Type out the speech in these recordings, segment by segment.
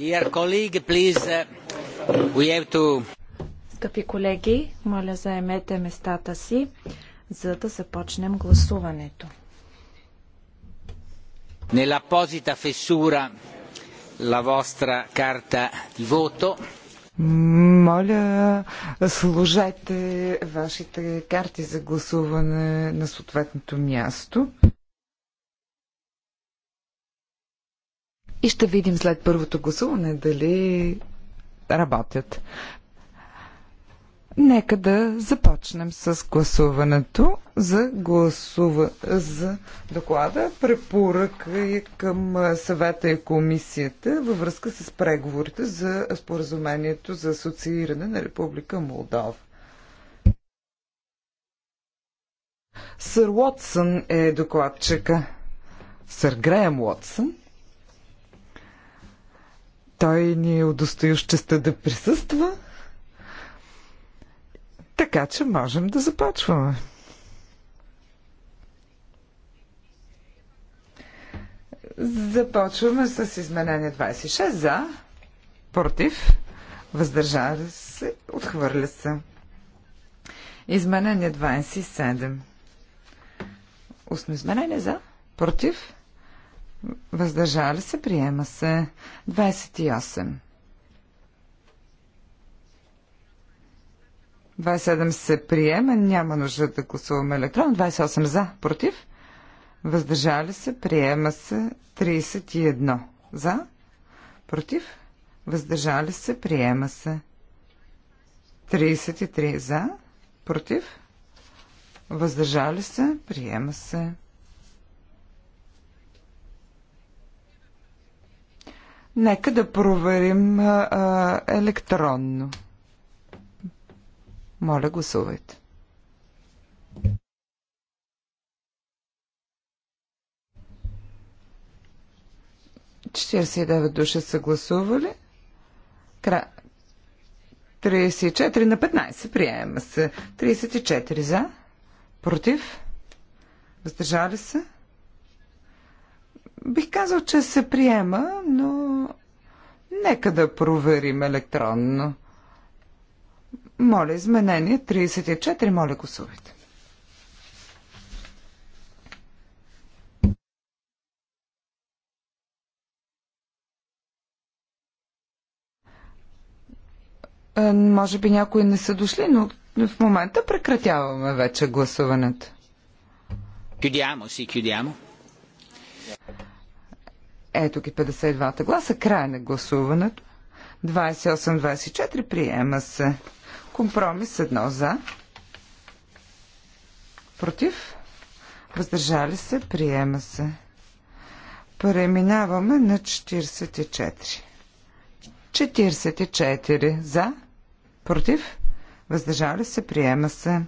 Uh, Скъпи колеги, моля заемете местата си, за да започнем гласуването. Nell'apposita fessura la vostra carta di voto. Моля, сложете вашите карти за гласуване на съответното място. и ще видим след първото гласуване дали работят. Нека да започнем с гласуването за, гласува, за доклада препоръка е към съвета и комисията във връзка с преговорите за споразумението за асоцииране на Република Молдова. Сър Уотсън е докладчика. Сър Греем Уотсън. Той ни е удостоил честа да присъства. Така че можем да започваме. Започваме с изменение 26 за, против, въздържава се, отхвърля се. Изменение 27. Устно изменение за, против, Въздържали се, приема се. 28. 27 се приема, няма нужда да гласуваме електрон. 28 за, против. Въздържали се, приема се. 31 за, против. Въздържали се, приема се. 33 за, против. Въздържали се, приема се. Нека да проверим а, електронно. Моля, гласувайте. Четиридесет девет души са гласували. Кра... 34 на 15 приема се. 34 за. Против. Въздържали се. Бих казал, че се приема, но нека да проверим електронно. Моля, изменение 34, моля гласувайте. Е, може би някои не са дошли, но в момента прекратяваме вече гласуването. Кюдямо си, кюдямо. Ето ги 52-та гласа. Край на гласуването. 28-24 приема се. Компромис едно за. Против. Въздържали се. Приема се. Преминаваме на 44. 44 за. Против. Въздържали се. Приема се.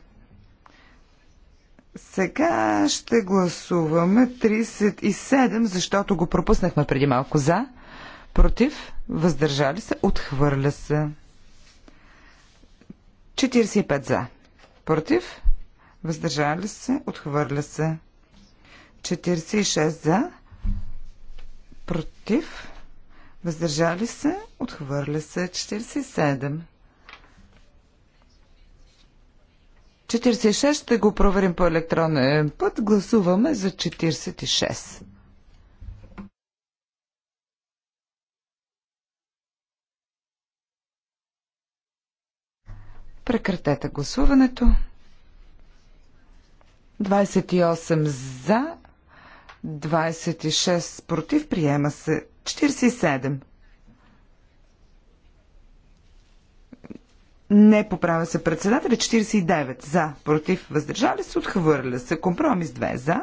Сега ще гласуваме 37, защото го пропуснахме преди малко за. Против, въздържали се, отхвърля се. 45 за. Против, въздържали се, отхвърля се. 46 за. Против, въздържали се, отхвърля се. 47. 46 ще го проверим по електронен път. Гласуваме за 46. Прекратете гласуването. 28 за, 26 против, приема се 47. Не поправя се председателя. 49 за, против, въздържали се, отхвърля се. Компромис 2 за,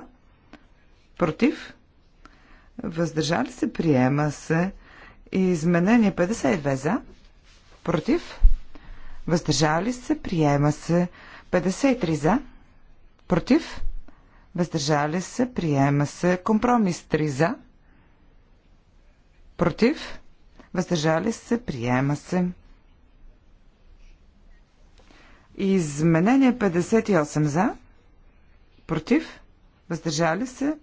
против, въздържали се, приема се. изменение 52 за, против, въздържали се, приема се. 53 за, против, въздържали се, приема се. Компромис 3 за, против, въздържали се, приема се. Изменение 58 за, против, въздържали се,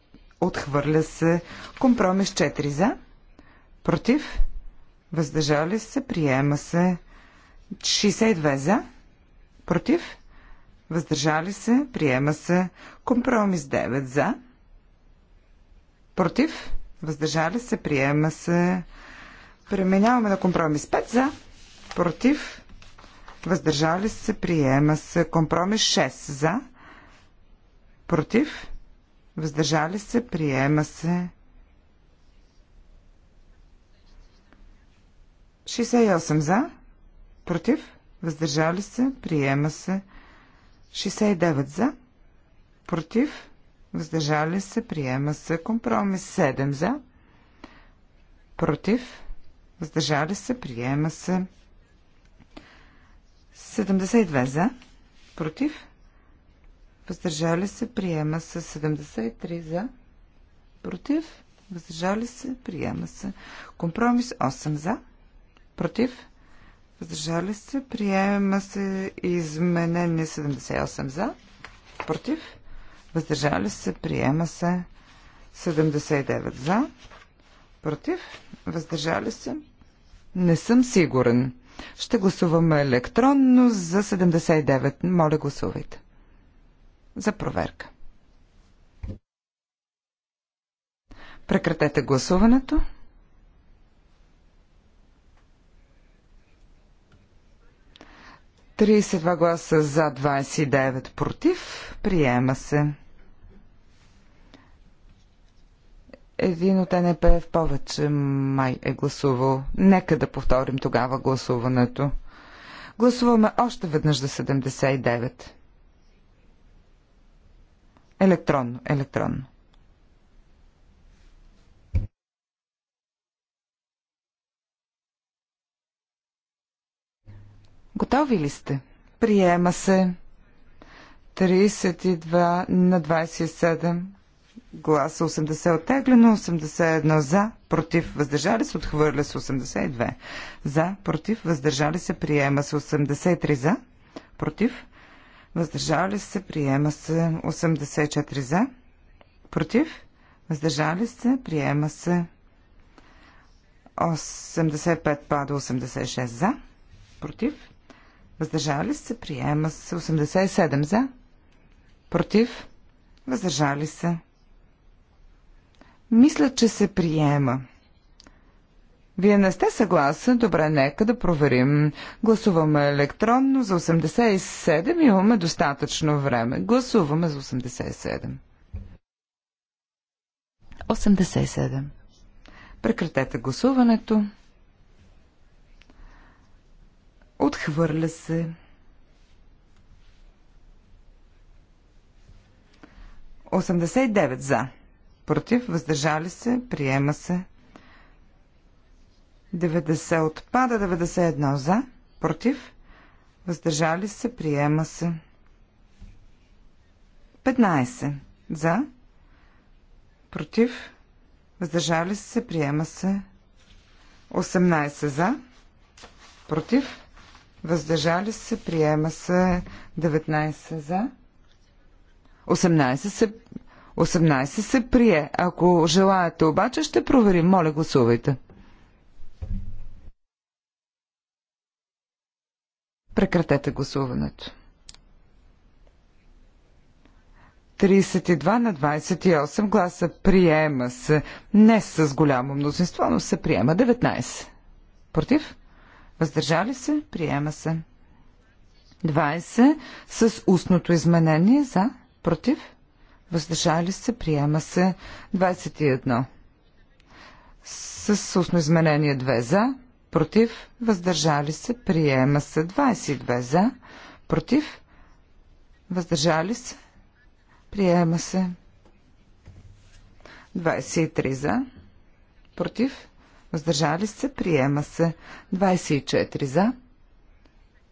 отхвърля се. Компромис 4 за, против, въздържали се, приема се. 62 за, против, въздържали се, приема се. Компромис 9 за, против, въздържали се, приема се. Преминаваме на компромис 5 за, против, въздържали се, приема се. Компромис 6 за, против, въздържали се, приема се. 68 за, против, въздържали се, приема се. 69 за, против, въздържали се, приема се. Компромис 7 за, против, въздържали се, приема се. 72 за, против, въздържали се, приема се 73 за, против, въздържали се, приема се. Компромис 8 за, против, въздържали се, приема се изменение 78 за, против, въздържали се, приема се 79 за, против, въздържали се, не съм сигурен. Ще гласуваме електронно за 79. Моля, гласувайте. За проверка. Прекратете гласуването. Тридесет гласа за 29 против. Приема се. Един от НП в повече май е гласувал. Нека да повторим тогава гласуването. Гласуваме още веднъж за 79. Електронно, електронно. Готови ли сте? Приема се. 32 на 27 гласа 80 оттеглено, 81 за, против, въздържали се, отхвърля се 82 за, против, въздържали се, приема се 83 за, против, въздържали се, приема се 84 за, против, въздържали се, приема се 85 пада 86 за, против, въздържали се, приема се 87 за, против, въздържали се мисля, че се приема. Вие не сте съгласен? Добре, нека да проверим. Гласуваме електронно за 87. Имаме достатъчно време. Гласуваме за 87. 87. Прекратете гласуването. Отхвърля се. Осемдесет девет за против, въздържали се, приема се. 90 отпада, 91 за, против, въздържали се, приема се. 15 за, против, въздържали се, приема се. 18 за, против, въздържали се, приема се. 19 за, 18 се 18 се прие. Ако желаете обаче, ще проверим. Моля, гласувайте. Прекратете гласуването. 32 на 28 гласа приема се. Не с голямо мнозинство, но се приема 19. Против? Въздържали се? Приема се. 20 с устното изменение за? Против? въздържали се, приема се 21. С устно изменение 2 за, против, въздържали се, приема се 22 за, против, въздържали се, приема се 23 за, против, въздържали се, приема се 24 за,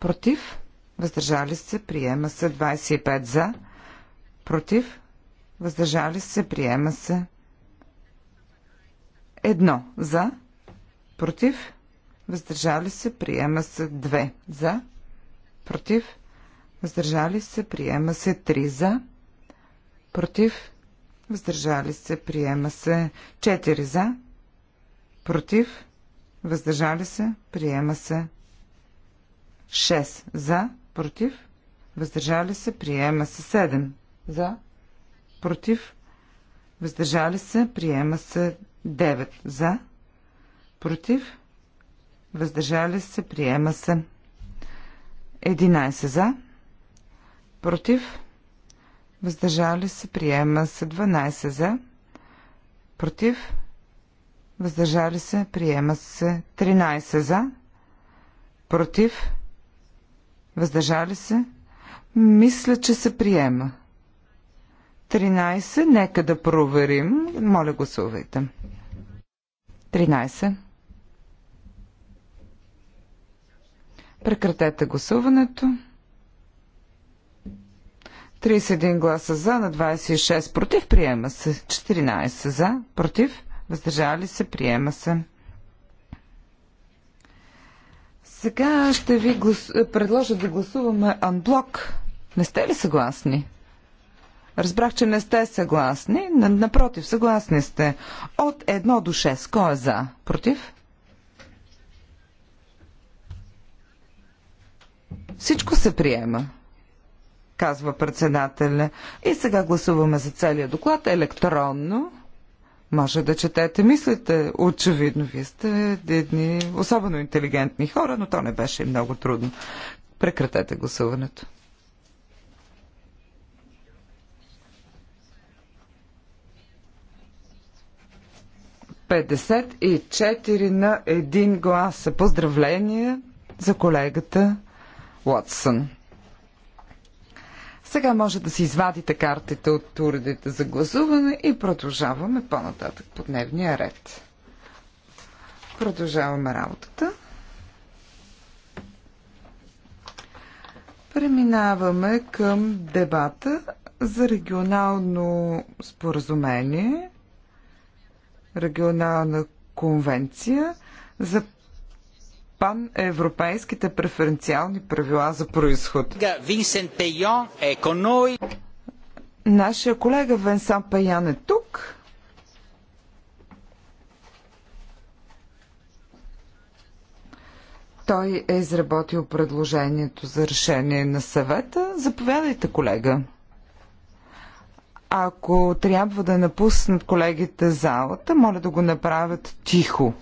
против, въздържали се, приема се 25 за, против, въздържали се, приема се. Едно за, против, въздържали се, приема се. Две за, против, въздържали се, приема се. Три за, против, въздържали се, приема се. Четири за, против, въздържали се, приема се. Шест за, против, въздържали се, приема се Седем за, против, въздържали се, приема се 9 за, против, въздържали се, приема се 11 за, против, въздържали се, приема се 12 за, против, въздържали се, приема се 13 за, против, въздържали се, мисля, че се приема. 13. Нека да проверим. Моля, гласувайте. 13. Прекратете гласуването. 31 гласа за на 26 против. Приема се. 14 за, против. Въздържали се. Приема се. Сега ще ви глас... предложа да гласуваме анблок. Не сте ли съгласни? Разбрах, че не сте съгласни. Напротив, съгласни сте. От 1 до 6. Кой е за? Против? Всичко се приема, казва председателя. И сега гласуваме за целият доклад електронно. Може да четете мислите. Очевидно, вие сте едни особено интелигентни хора, но то не беше много трудно. Прекратете гласуването. 54 на 1 гласа. Поздравления за колегата Уотсън. Сега може да си извадите картите от уредите за гласуване и продължаваме по-нататък по дневния ред. Продължаваме работата. Преминаваме към дебата за регионално споразумение регионална конвенция за паневропейските преференциални правила за происход. Винсент Пейон е Нашия колега Венсан Паян е тук. Той е изработил предложението за решение на съвета. Заповядайте, колега. Ако трябва да напуснат колегите залата, моля да го направят тихо.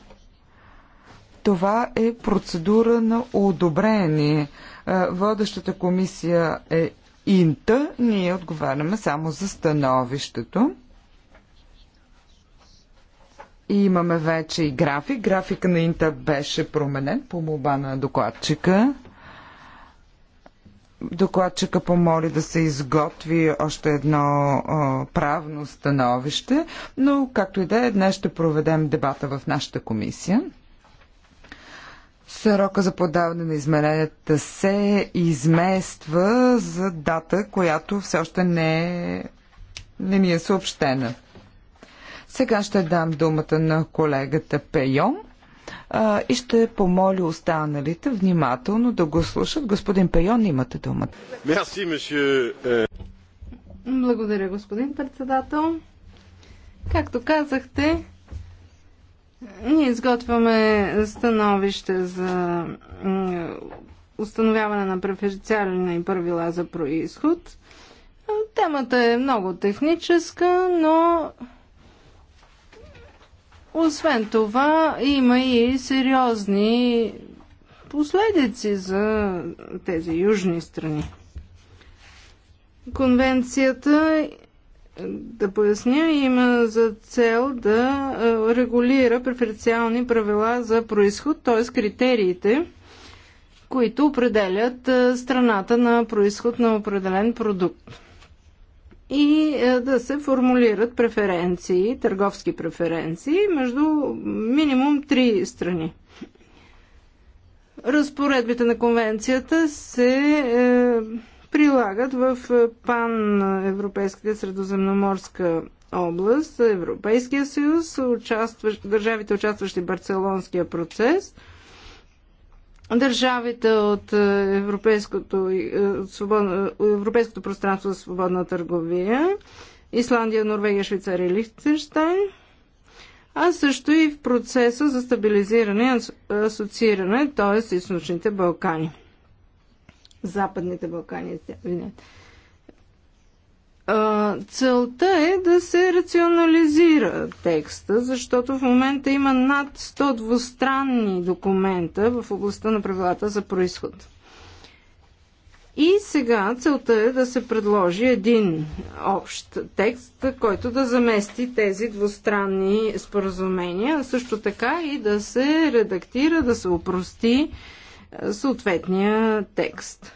Това е процедура на одобрение. Е, водещата комисия е Инта. Ние отговаряме само за становището. И имаме вече и график. Графика на Инта беше променен по моба на докладчика докладчика помоли да се изготви още едно а, правно становище, но както и да е, днес ще проведем дебата в нашата комисия. Срока за подаване на измененията се измества за дата, която все още не, е, не ни е съобщена. Сега ще дам думата на колегата Пейон а, и ще помоля останалите внимателно да го слушат. Господин Пейон, имате думата. Е. Благодаря, господин председател. Както казахте, ние изготвяме становище за установяване на преференциални правила за происход. Темата е много техническа, но освен това, има и сериозни последици за тези южни страни. Конвенцията, да поясня, има за цел да е, регулира преференциални правила за происход, т.е. критериите, които определят е, страната на происход на определен продукт и е, да се формулират преференции, търговски преференции между минимум три страни. Разпоредбите на конвенцията се е, прилагат в е, пан-европейската средоземноморска област, Европейския съюз, участващ, държавите участващи в Барселонския процес – държавите от е, европейското, е, от свободно, европейското пространство за свободна търговия, Исландия, Норвегия, Швейцария и Лихтенштайн, а също и в процеса за стабилизиране и асоцииране, т.е. източните Балкани. Западните Балкани, извинете целта е да се рационализира текста, защото в момента има над 100 двустранни документа в областта на правилата за происход. И сега целта е да се предложи един общ текст, който да замести тези двустранни споразумения, също така и да се редактира, да се опрости съответния текст.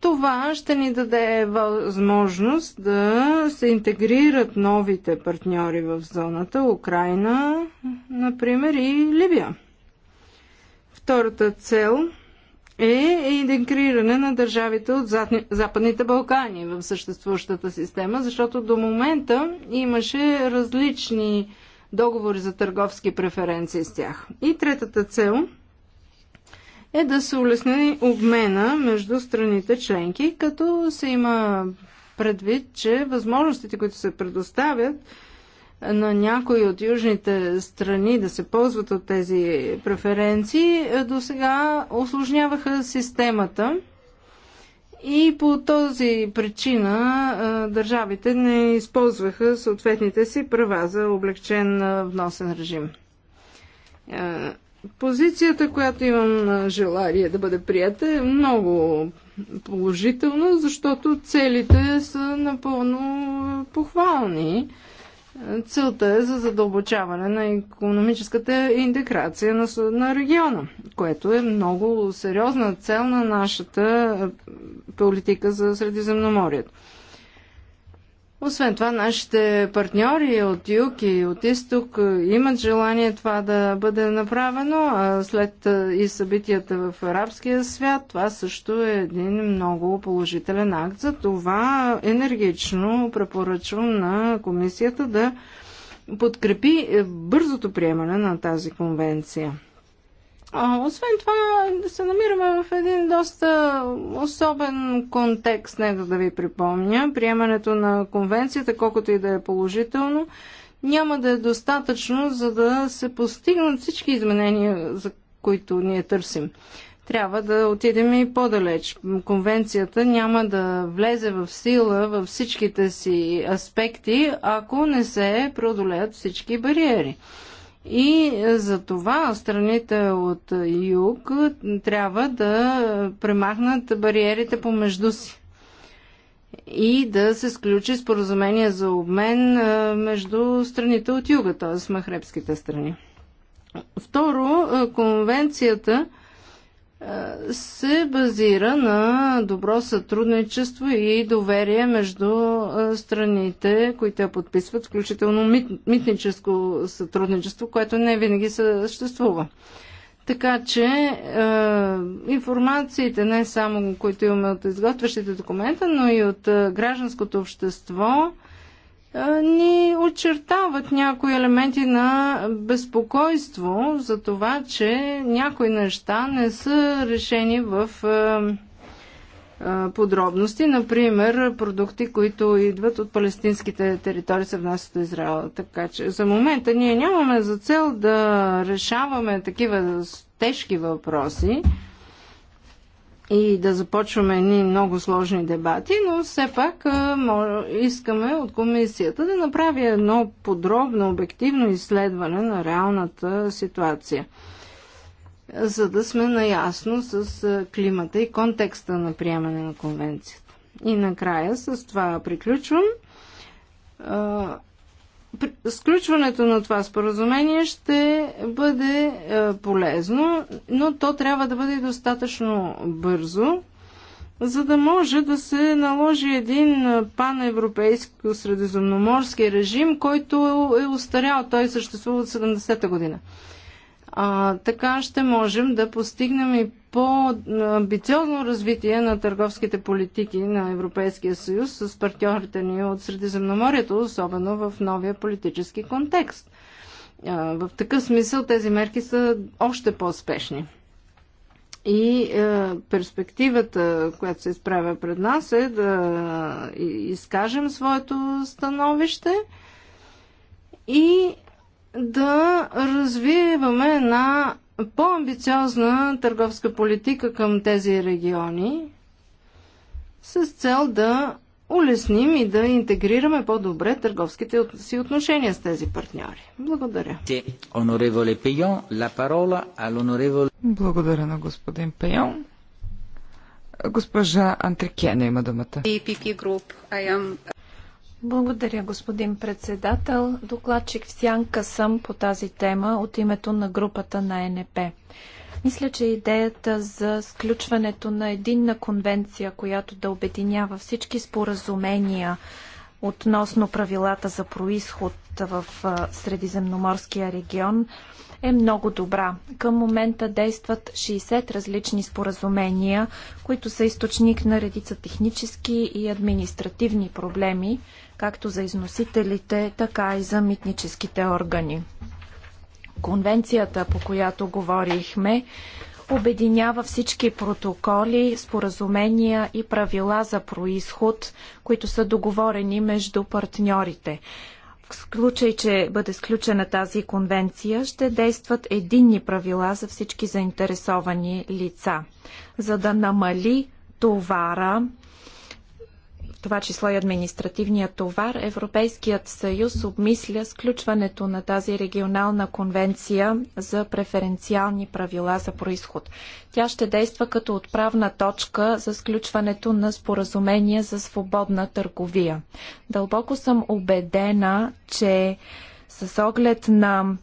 Това ще ни даде възможност да се интегрират новите партньори в зоната Украина, например, и Либия. Втората цел е интегриране на държавите от Западните Балкани в съществуващата система, защото до момента имаше различни договори за търговски преференции с тях. И третата цел – е да се улесни обмена между страните членки, като се има предвид, че възможностите, които се предоставят на някои от южните страни да се ползват от тези преференции, е, до сега осложняваха системата и по този причина е, държавите не използваха съответните си права за облегчен е, вносен режим Позицията, която имам желание да бъде прията, е много положителна, защото целите са напълно похвални. Целта е за задълбочаване на економическата интеграция на, на региона, което е много сериозна цел на нашата политика за Средиземноморието. Освен това, нашите партньори от юг и от изток е, имат желание това да бъде направено, а след е, и събитията в арабския свят, това също е един много положителен акт. За това енергично препоръчвам на комисията да подкрепи е, бързото приемане на тази конвенция. Освен това, се намираме в един доста особен контекст, нека да ви припомня. Приемането на конвенцията, колкото и да е положително, няма да е достатъчно, за да се постигнат всички изменения, за които ние търсим. Трябва да отидем и по-далеч. Конвенцията няма да влезе в сила във всичките си аспекти, ако не се преодолеят всички бариери. И за това страните от юг трябва да премахнат бариерите помежду си и да се сключи споразумение за обмен между страните от юга, т.е. махребските страни. Второ, конвенцията се базира на добро сътрудничество и доверие между страните, които я подписват, включително мит, митническо сътрудничество, което не винаги съществува. Така че е, информациите, не само които имаме от изготвящите документа, но и от гражданското общество, ни очертават някои елементи на безпокойство за това, че някои неща не са решени в подробности. Например, продукти, които идват от палестинските територии, се внасят от Израел. Така че за момента ние нямаме за цел да решаваме такива тежки въпроси и да започваме едни много сложни дебати, но все пак искаме от комисията да направи едно подробно, обективно изследване на реалната ситуация, за да сме наясно с климата и контекста на приемане на конвенцията. И накрая с това приключвам сключването на това споразумение ще бъде е, полезно, но то трябва да бъде достатъчно бързо, за да може да се наложи един е, паневропейски средиземноморски режим, който е устарял. Той съществува от 70-та година. А, така ще можем да постигнем и по-амбициозно развитие на търговските политики на Европейския съюз с партньорите ни от Средиземноморието, особено в новия политически контекст. В такъв смисъл тези мерки са още по-спешни. И е, перспективата, която се изправя пред нас е да изкажем своето становище и да развиваме една по-амбициозна търговска политика към тези региони с цел да улесним и да интегрираме по-добре търговските си отношения с тези партньори. Благодаря. Благодаря на господин Пейон. Госпожа Антрикена има думата. Благодаря, господин председател. Докладчик в сянка съм по тази тема от името на групата на НП. Мисля, че идеята за сключването на единна конвенция, която да обединява всички споразумения относно правилата за происход в Средиземноморския регион, е много добра. Към момента действат 60 различни споразумения, които са източник на редица технически и административни проблеми, както за износителите, така и за митническите органи. Конвенцията, по която говорихме, обединява всички протоколи, споразумения и правила за происход, които са договорени между партньорите. В случай, че бъде сключена тази конвенция, ще действат единни правила за всички заинтересовани лица. За да намали товара това число и административния товар, Европейският съюз обмисля сключването на тази регионална конвенция за преференциални правила за происход. Тя ще действа като отправна точка за сключването на споразумение за свободна търговия. Дълбоко съм убедена, че с оглед на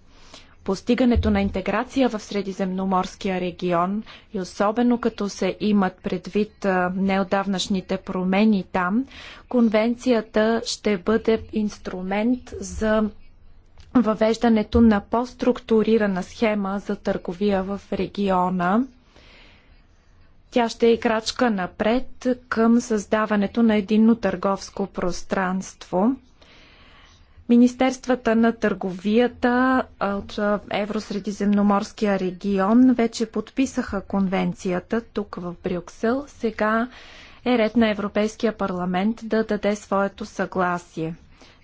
постигането на интеграция в Средиземноморския регион и особено като се имат предвид неодавнашните промени там, конвенцията ще бъде инструмент за въвеждането на по-структурирана схема за търговия в региона. Тя ще е и крачка напред към създаването на единно търговско пространство – Министерствата на търговията от Евросредиземноморския регион вече подписаха конвенцията тук в Брюксел. Сега е ред на Европейския парламент да даде своето съгласие.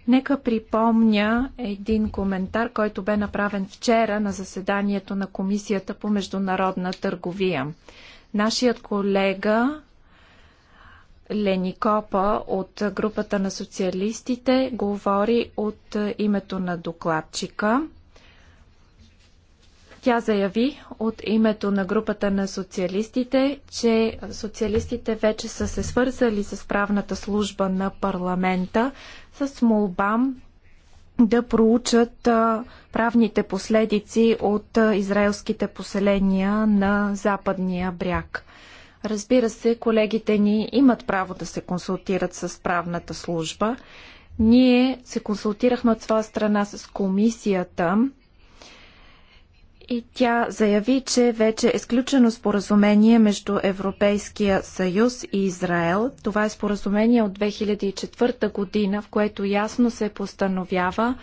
Нека припомня един коментар, който бе направен вчера на заседанието на Комисията по международна търговия. Нашият колега Лени Копа от групата на социалистите говори от името на докладчика. Тя заяви от името на групата на социалистите, че социалистите вече са се свързали с правната служба на парламента с молба да проучат правните последици от израелските поселения на западния бряг. Разбира се, колегите ни имат право да се консултират с правната служба. Ние се консултирахме от своя страна с комисията и тя заяви, че вече е сключено споразумение между Европейския съюз и Израел. Това е споразумение от 2004 година, в което ясно се постановява,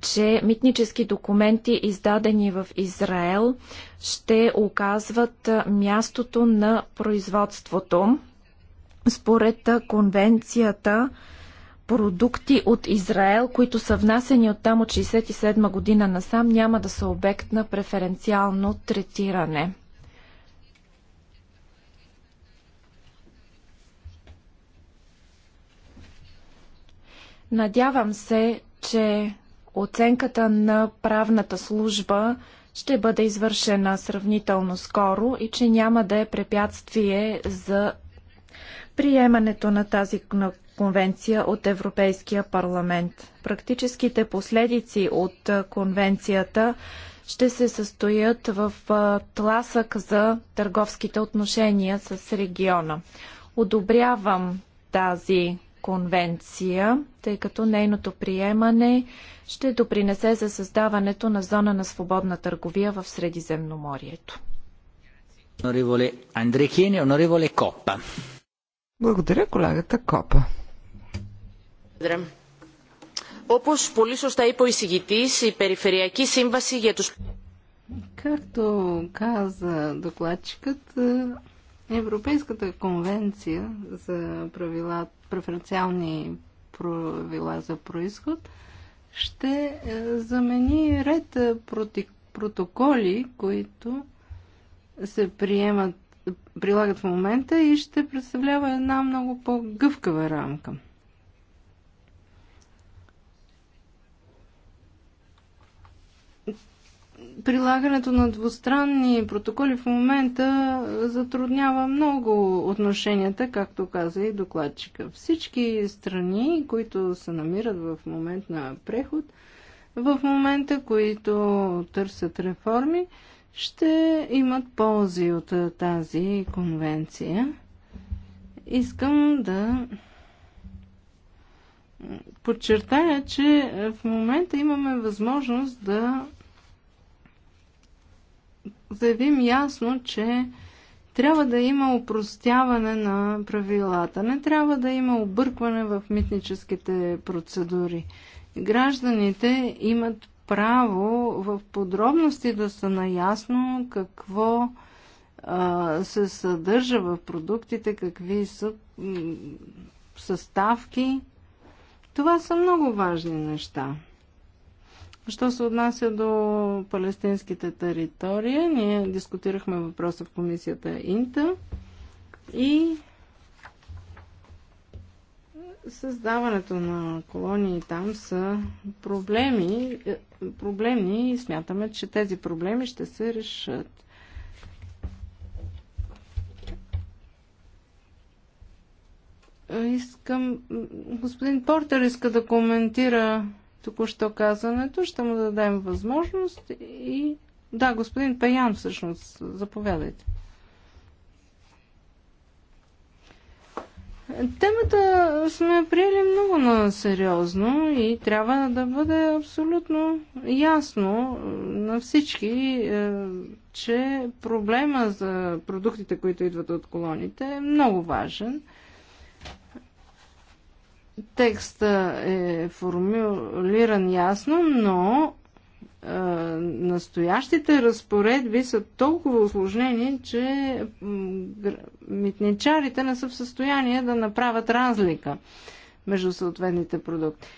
че митнически документи, издадени в Израел, ще оказват мястото на производството. Според конвенцията, продукти от Израел, които са внасени от там от 67 година насам, няма да са обект на преференциално третиране. Надявам се, че Оценката на правната служба ще бъде извършена сравнително скоро и че няма да е препятствие за приемането на тази конвенция от Европейския парламент. Практическите последици от конвенцията ще се състоят в тласък за търговските отношения с региона. Одобрявам тази конвенция, тъй като нейното приемане ще допринесе за създаването на зона на свободна търговия в Средиземноморието. Благодаря, колегата Копа. Όπως πολύ σωστά είπε ο εισηγητής, η Περιφερειακή Σύμβαση για τους... Както каза докладчикът, Европейската конвенция за правилата преференциални правила за происход, ще е, замени ред е, протоколи, които се приемат, прилагат в момента и ще представлява една много по-гъвкава рамка. прилагането на двустранни протоколи в момента затруднява много отношенията, както каза и докладчика. Всички страни, които се намират в момент на преход, в момента, които търсят реформи, ще имат ползи от тази конвенция. Искам да подчертая, че в момента имаме възможност да заявим ясно, че трябва да има упростяване на правилата, не трябва да има объркване в митническите процедури. Гражданите имат право в подробности да са наясно какво а, се съдържа в продуктите, какви са съставки. Това са много важни неща. Що се отнася до палестинските територии, ние дискутирахме въпроса в комисията Инта и създаването на колонии там са проблеми, е, проблемни и смятаме, че тези проблеми ще се решат. Искам... Господин Портер иска да коментира току-що казването. Ще му дадем възможност и... Да, господин Паян, всъщност, заповядайте. Темата сме приели много на сериозно и трябва да бъде абсолютно ясно на всички, е, че проблема за продуктите, които идват от колоните е много важен – Текста е формулиран ясно, но е, настоящите разпоредби са толкова осложнени, че митничарите не са в състояние да направят разлика между съответните продукти.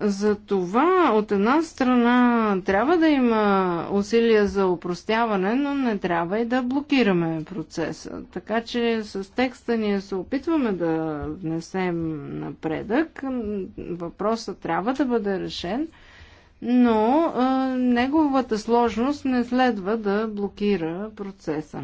За това, от една страна, трябва да има усилия за упростяване, но не трябва и да блокираме процеса. Така че с текста ние се опитваме да внесем напредък. Въпросът трябва да бъде решен, но а, неговата сложност не следва да блокира процеса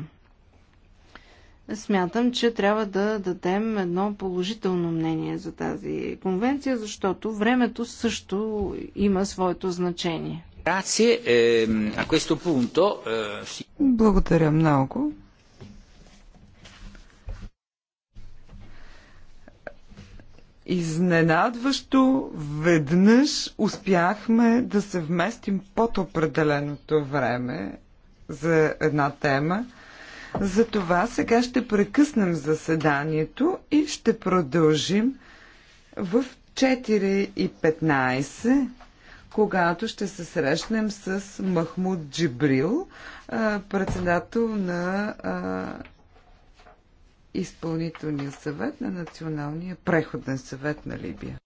смятам, че трябва да дадем едно положително мнение за тази конвенция, защото времето също има своето значение. Ehm, eh, Благодаря много. Изненадващо веднъж успяхме да се вместим под определеното време за една тема. Затова сега ще прекъснем заседанието и ще продължим в 4.15, когато ще се срещнем с Махмуд Джибрил, председател на изпълнителния съвет на Националния преходен съвет на Либия.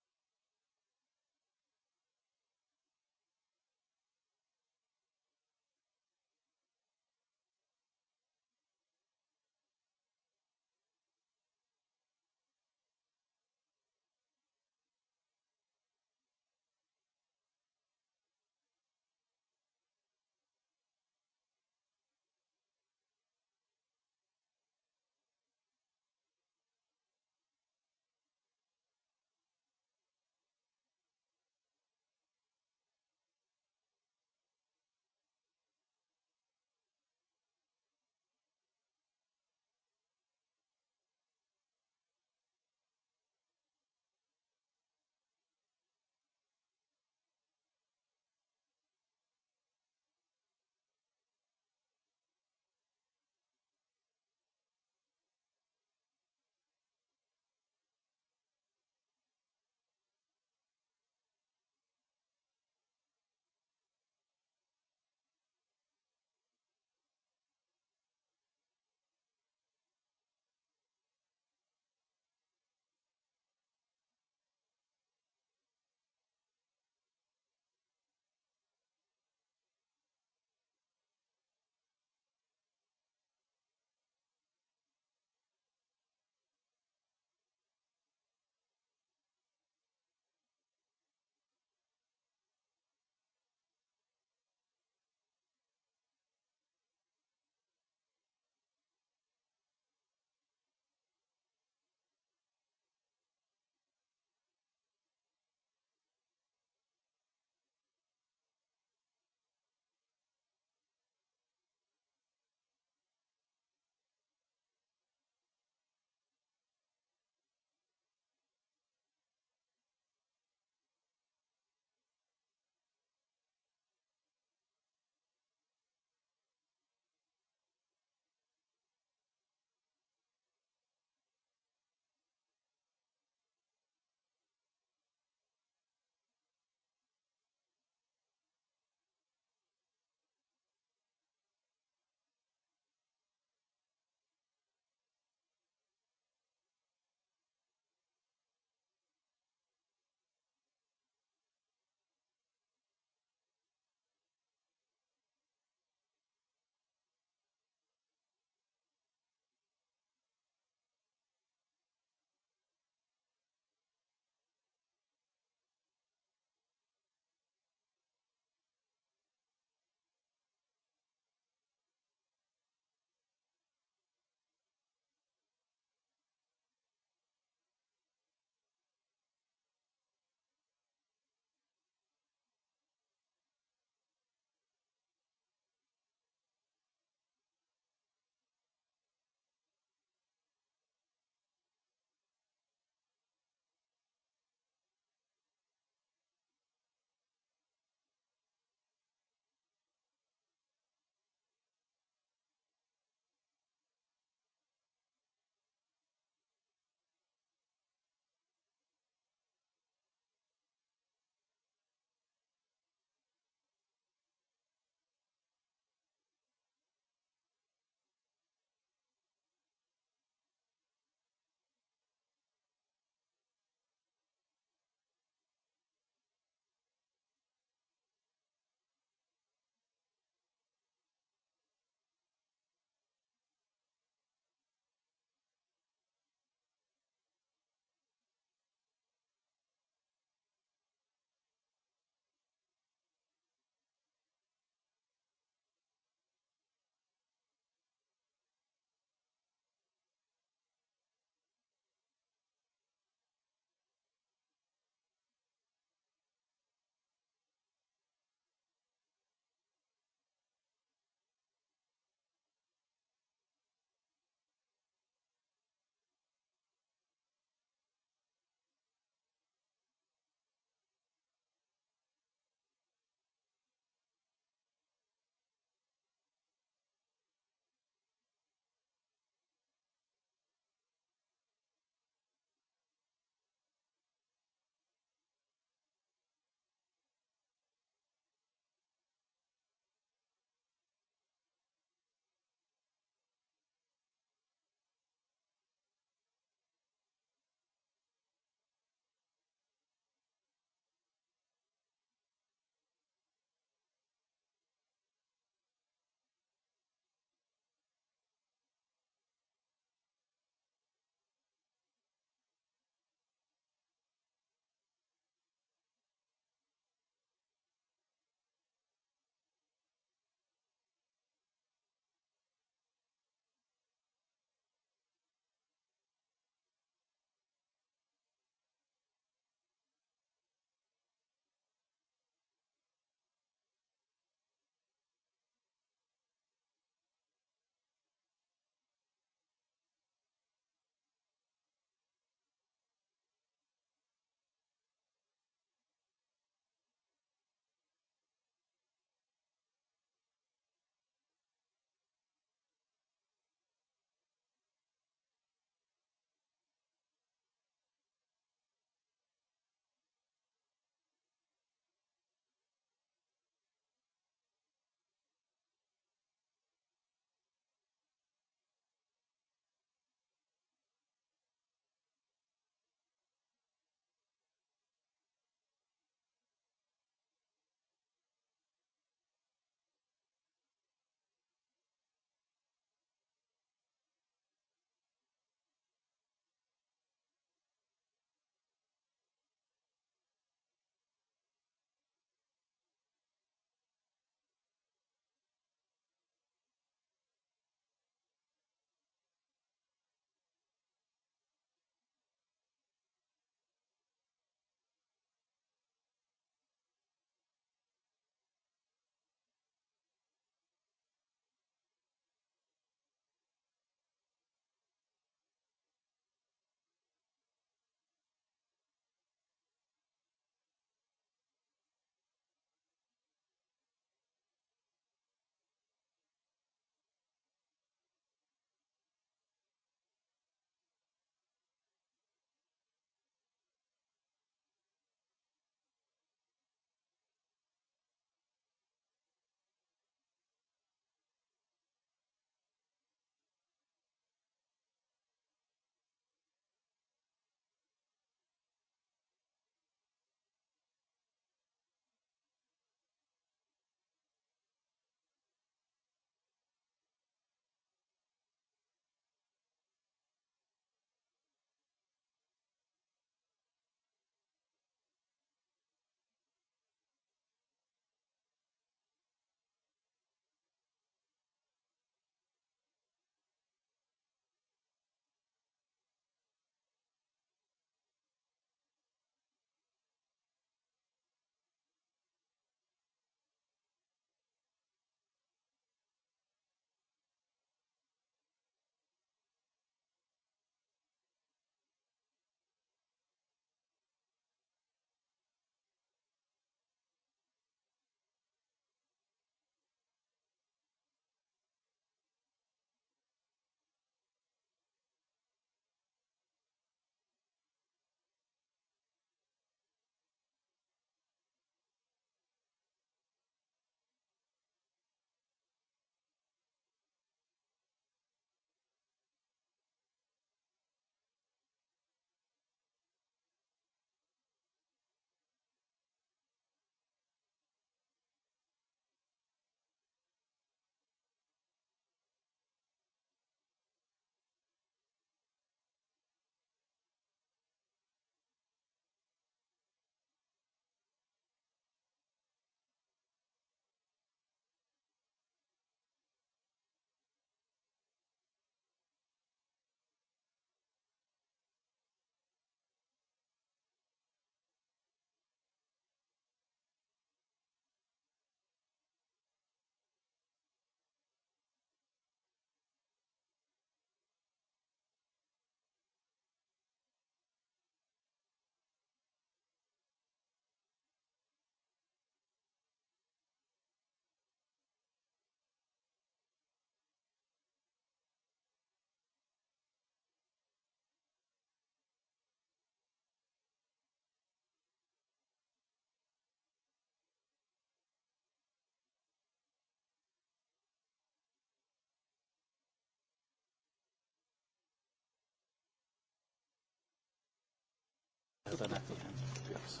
as an applicant. Yes.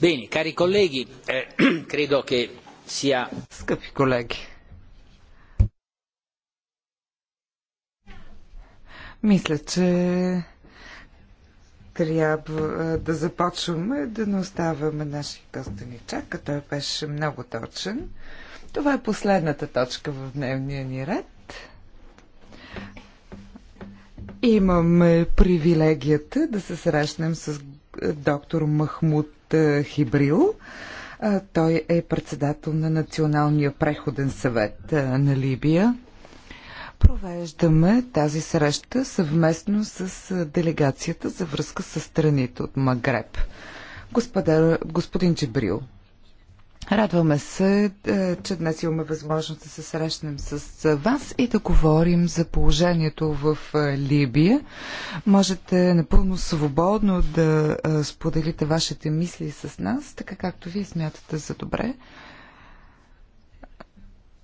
Bene, cari colleghi, eh, credo che sia... Скъпи колеги, мисля, че трябва да започваме, да не оставаме нашия гостеничак, като той беше много точен. Това е последната точка в дневния ни ред. Имаме привилегията да се срещнем с доктор Махмуд е, Хибрил. Той е председател на Националния преходен съвет е, на Либия. Провеждаме тази среща съвместно с е, делегацията за връзка с страните от Магреб. Господа, господин Джибрил, Радваме се, е, че днес имаме възможност да се срещнем с вас и да говорим за положението в е, Либия. Можете напълно свободно да е, споделите вашите мисли с нас, така както вие смятате за добре.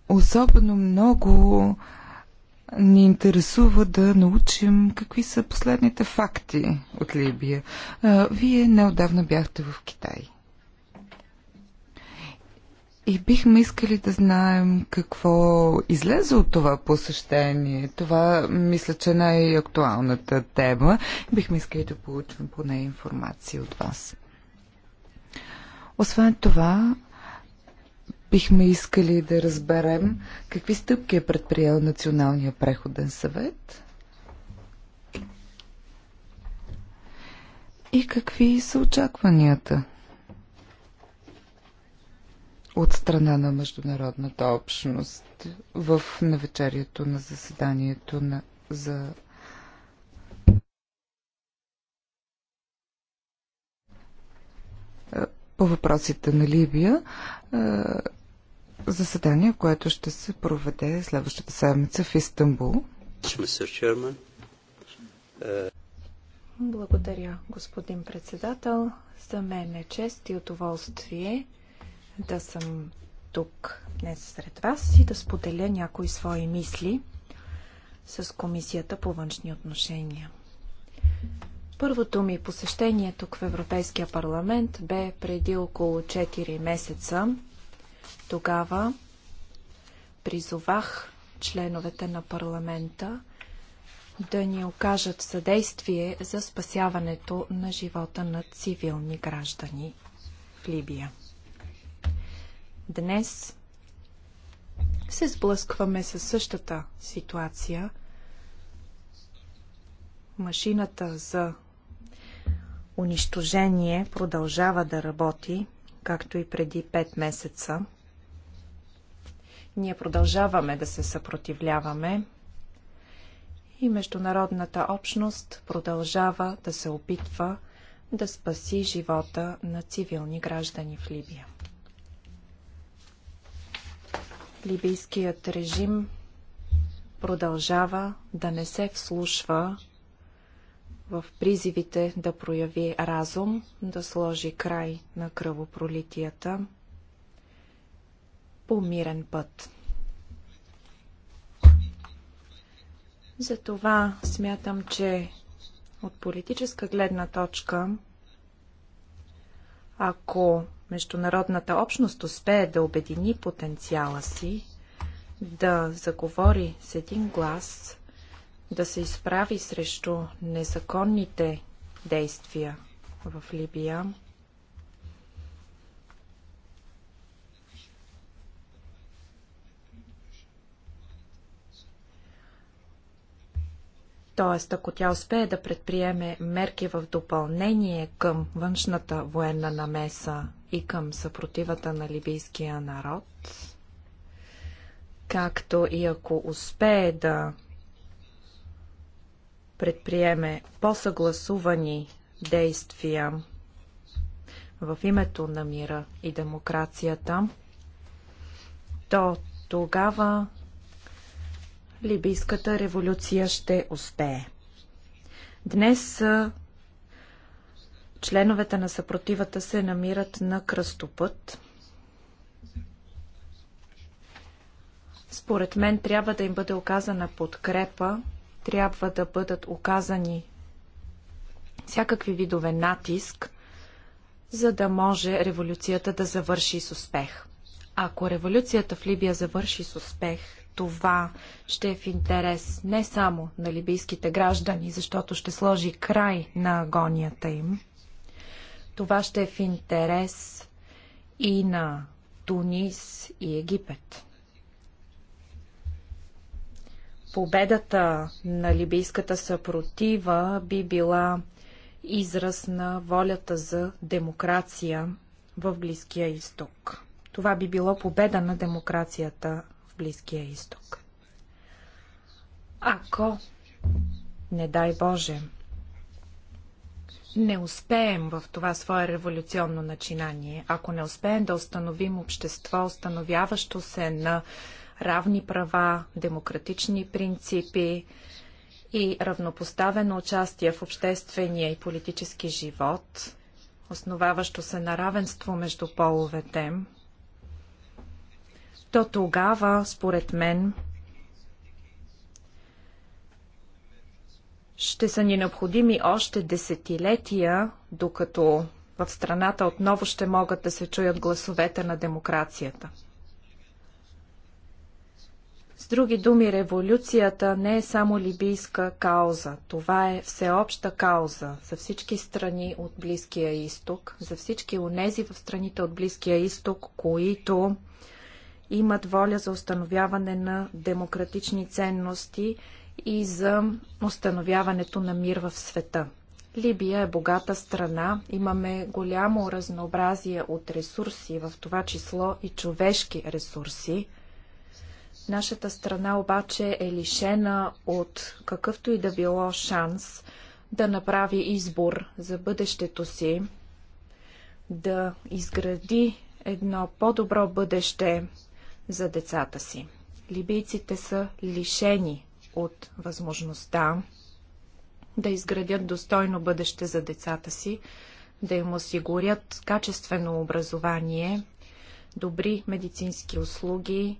Особено много ни интересува да научим какви са последните факти от Либия. Вие неодавна бяхте в Китай. И бихме искали да знаем какво излезе от това посещение. Това, мисля, че е най-актуалната тема. Бихме искали да получим поне информация от вас. Освен това, бихме искали да разберем какви стъпки е предприел Националния преходен съвет и какви са очакванията от страна на международната общност в навечерието на заседанието на, за е, по въпросите на Либия е, заседание, което ще се проведе следващата седмица в Истанбул. Благодаря, господин председател. За мен е чест и удоволствие да съм тук днес сред вас и да споделя някои свои мисли с Комисията по външни отношения. Първото ми посещение тук в Европейския парламент бе преди около 4 месеца. Тогава призовах членовете на парламента да ни окажат съдействие за спасяването на живота на цивилни граждани в Либия. Днес се сблъскваме със същата ситуация. Машината за унищожение продължава да работи, както и преди 5 месеца. Ние продължаваме да се съпротивляваме и международната общност продължава да се опитва да спаси живота на цивилни граждани в Либия. Либийският режим продължава да не се вслушва в призивите да прояви разум, да сложи край на кръвопролитията по мирен път. Затова смятам, че от политическа гледна точка, ако международната общност успее да обедини потенциала си, да заговори с един глас, да се изправи срещу незаконните действия в Либия, т.е. ако тя успее да предприеме мерки в допълнение към външната военна намеса и към съпротивата на либийския народ, както и ако успее да предприеме по-съгласувани действия в името на мира и демокрацията, то тогава либийската революция ще успее. Днес Членовете на съпротивата се намират на кръстопът. Според мен трябва да им бъде оказана подкрепа, трябва да бъдат оказани всякакви видове натиск, за да може революцията да завърши с успех. Ако революцията в Либия завърши с успех, това ще е в интерес не само на либийските граждани, защото ще сложи край на агонията им, това ще е в интерес и на Тунис и Египет. Победата на либийската съпротива би била израз на волята за демокрация в Близкия изток. Това би било победа на демокрацията в Близкия изток. Ако, не дай Боже, не успеем в това свое революционно начинание, ако не успеем да установим общество, установяващо се на равни права, демократични принципи и равнопоставено участие в обществения и политически живот, основаващо се на равенство между половете, то тогава, според мен, Ще са ни необходими още десетилетия, докато в страната отново ще могат да се чуят гласовете на демокрацията. С други думи, революцията не е само либийска кауза. Това е всеобща кауза за всички страни от Близкия изток, за всички унези в страните от Близкия изток, които имат воля за установяване на демократични ценности и за установяването на мир в света. Либия е богата страна, имаме голямо разнообразие от ресурси, в това число и човешки ресурси. Нашата страна обаче е лишена от какъвто и да било шанс да направи избор за бъдещето си, да изгради едно по-добро бъдеще за децата си. Либийците са лишени от възможността да изградят достойно бъдеще за децата си, да им осигурят качествено образование, добри медицински услуги,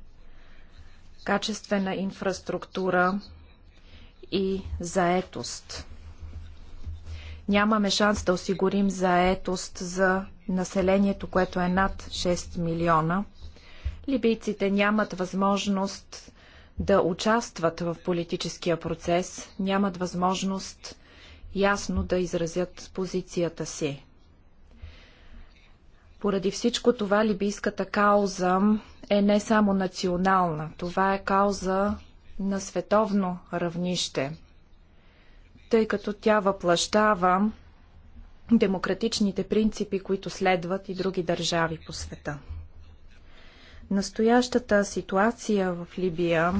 качествена инфраструктура и заетост. Нямаме шанс да осигурим заетост за населението, което е над 6 милиона. Либийците нямат възможност да участват в политическия процес, нямат възможност ясно да изразят позицията си. Поради всичко това либийската кауза е не само национална, това е кауза на световно равнище, тъй като тя въплащава демократичните принципи, които следват и други държави по света. Настоящата ситуация в Либия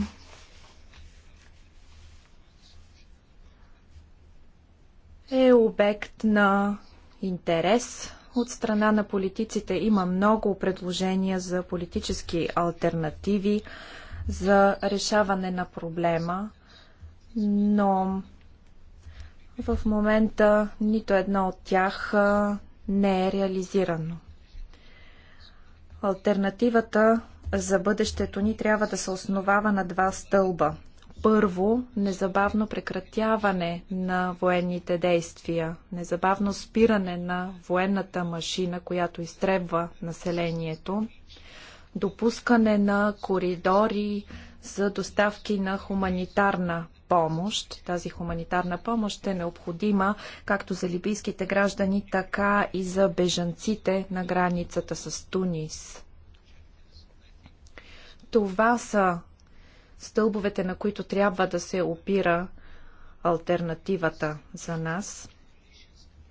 е обект на интерес от страна на политиците. Има много предложения за политически альтернативи за решаване на проблема, но в момента нито едно от тях не е реализирано. Альтернативата за бъдещето ни трябва да се основава на два стълба. Първо, незабавно прекратяване на военните действия, незабавно спиране на военната машина, която изтребва населението, допускане на коридори за доставки на хуманитарна помощ. Тази хуманитарна помощ е необходима както за либийските граждани, така и за бежанците на границата с Тунис. Това са стълбовете, на които трябва да се опира альтернативата за нас.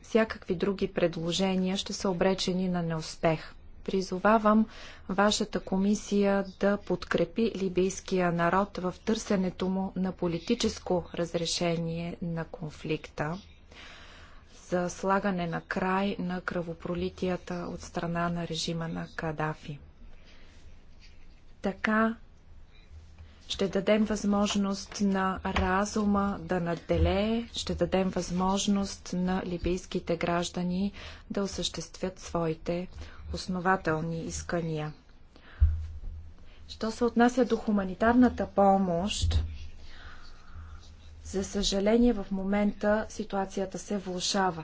Всякакви други предложения ще са обречени на неуспех. Призовавам вашата комисия да подкрепи либийския народ в търсенето му на политическо разрешение на конфликта за слагане на край на кръвопролитията от страна на режима на Кадафи. Така ще дадем възможност на разума да надделее, ще дадем възможност на либийските граждани да осъществят своите основателни искания. Що се отнася до хуманитарната помощ, за съжаление в момента ситуацията се влушава.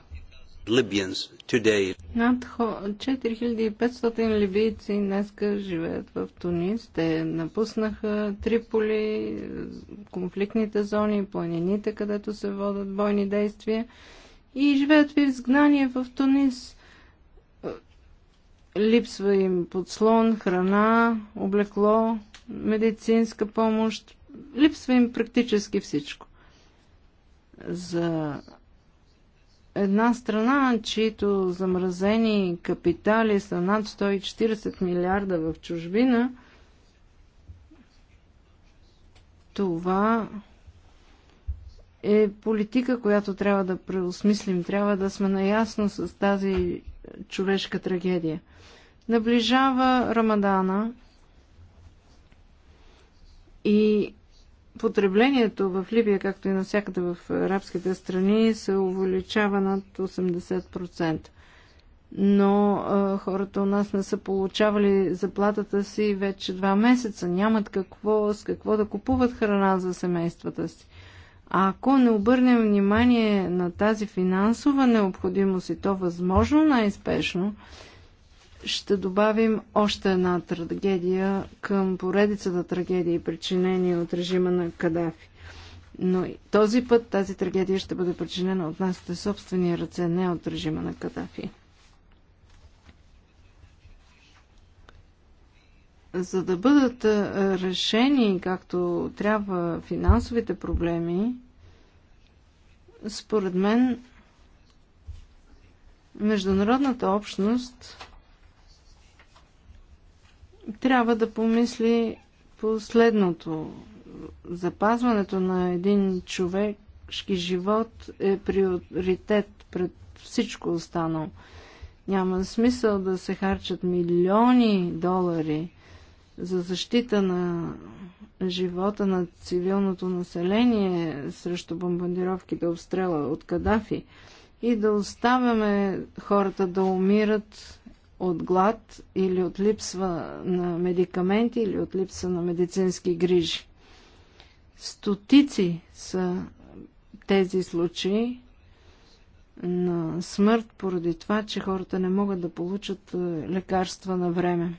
Над 4500 либийци днес живеят в Тунис. Те напуснаха Триполи, конфликтните зони, планините, където се водят бойни действия и живеят в изгнание в Тунис. Липсва им подслон, храна, облекло, медицинска помощ. Липсва им практически всичко. За една страна, чието замразени капитали са над 140 милиарда в чужбина, това е политика, която трябва да преосмислим. Трябва да сме наясно с тази човешка трагедия. Наближава Рамадана и потреблението в Либия, както и навсякъде в арабските страни, се увеличава над 80%. Но а, хората у нас не са получавали заплатата си вече два месеца. Нямат какво, с какво да купуват храна за семействата си. А ако не обърнем внимание на тази финансова необходимост и то възможно най-спешно, ще добавим още една трагедия към поредицата трагедии, причинени от режима на Кадафи. Но и този път тази трагедия ще бъде причинена от нашите собствени ръце, не от режима на Кадафи. за да бъдат решени както трябва финансовите проблеми, според мен международната общност трябва да помисли последното. Запазването на един човешки живот е приоритет пред всичко останало. Няма смисъл да се харчат милиони долари за защита на живота на цивилното население срещу бомбардировките обстрела от Кадафи и да оставяме хората да умират от глад или от липсва на медикаменти или от липса на медицински грижи. Стотици са тези случаи на смърт поради това, че хората не могат да получат е, лекарства на време.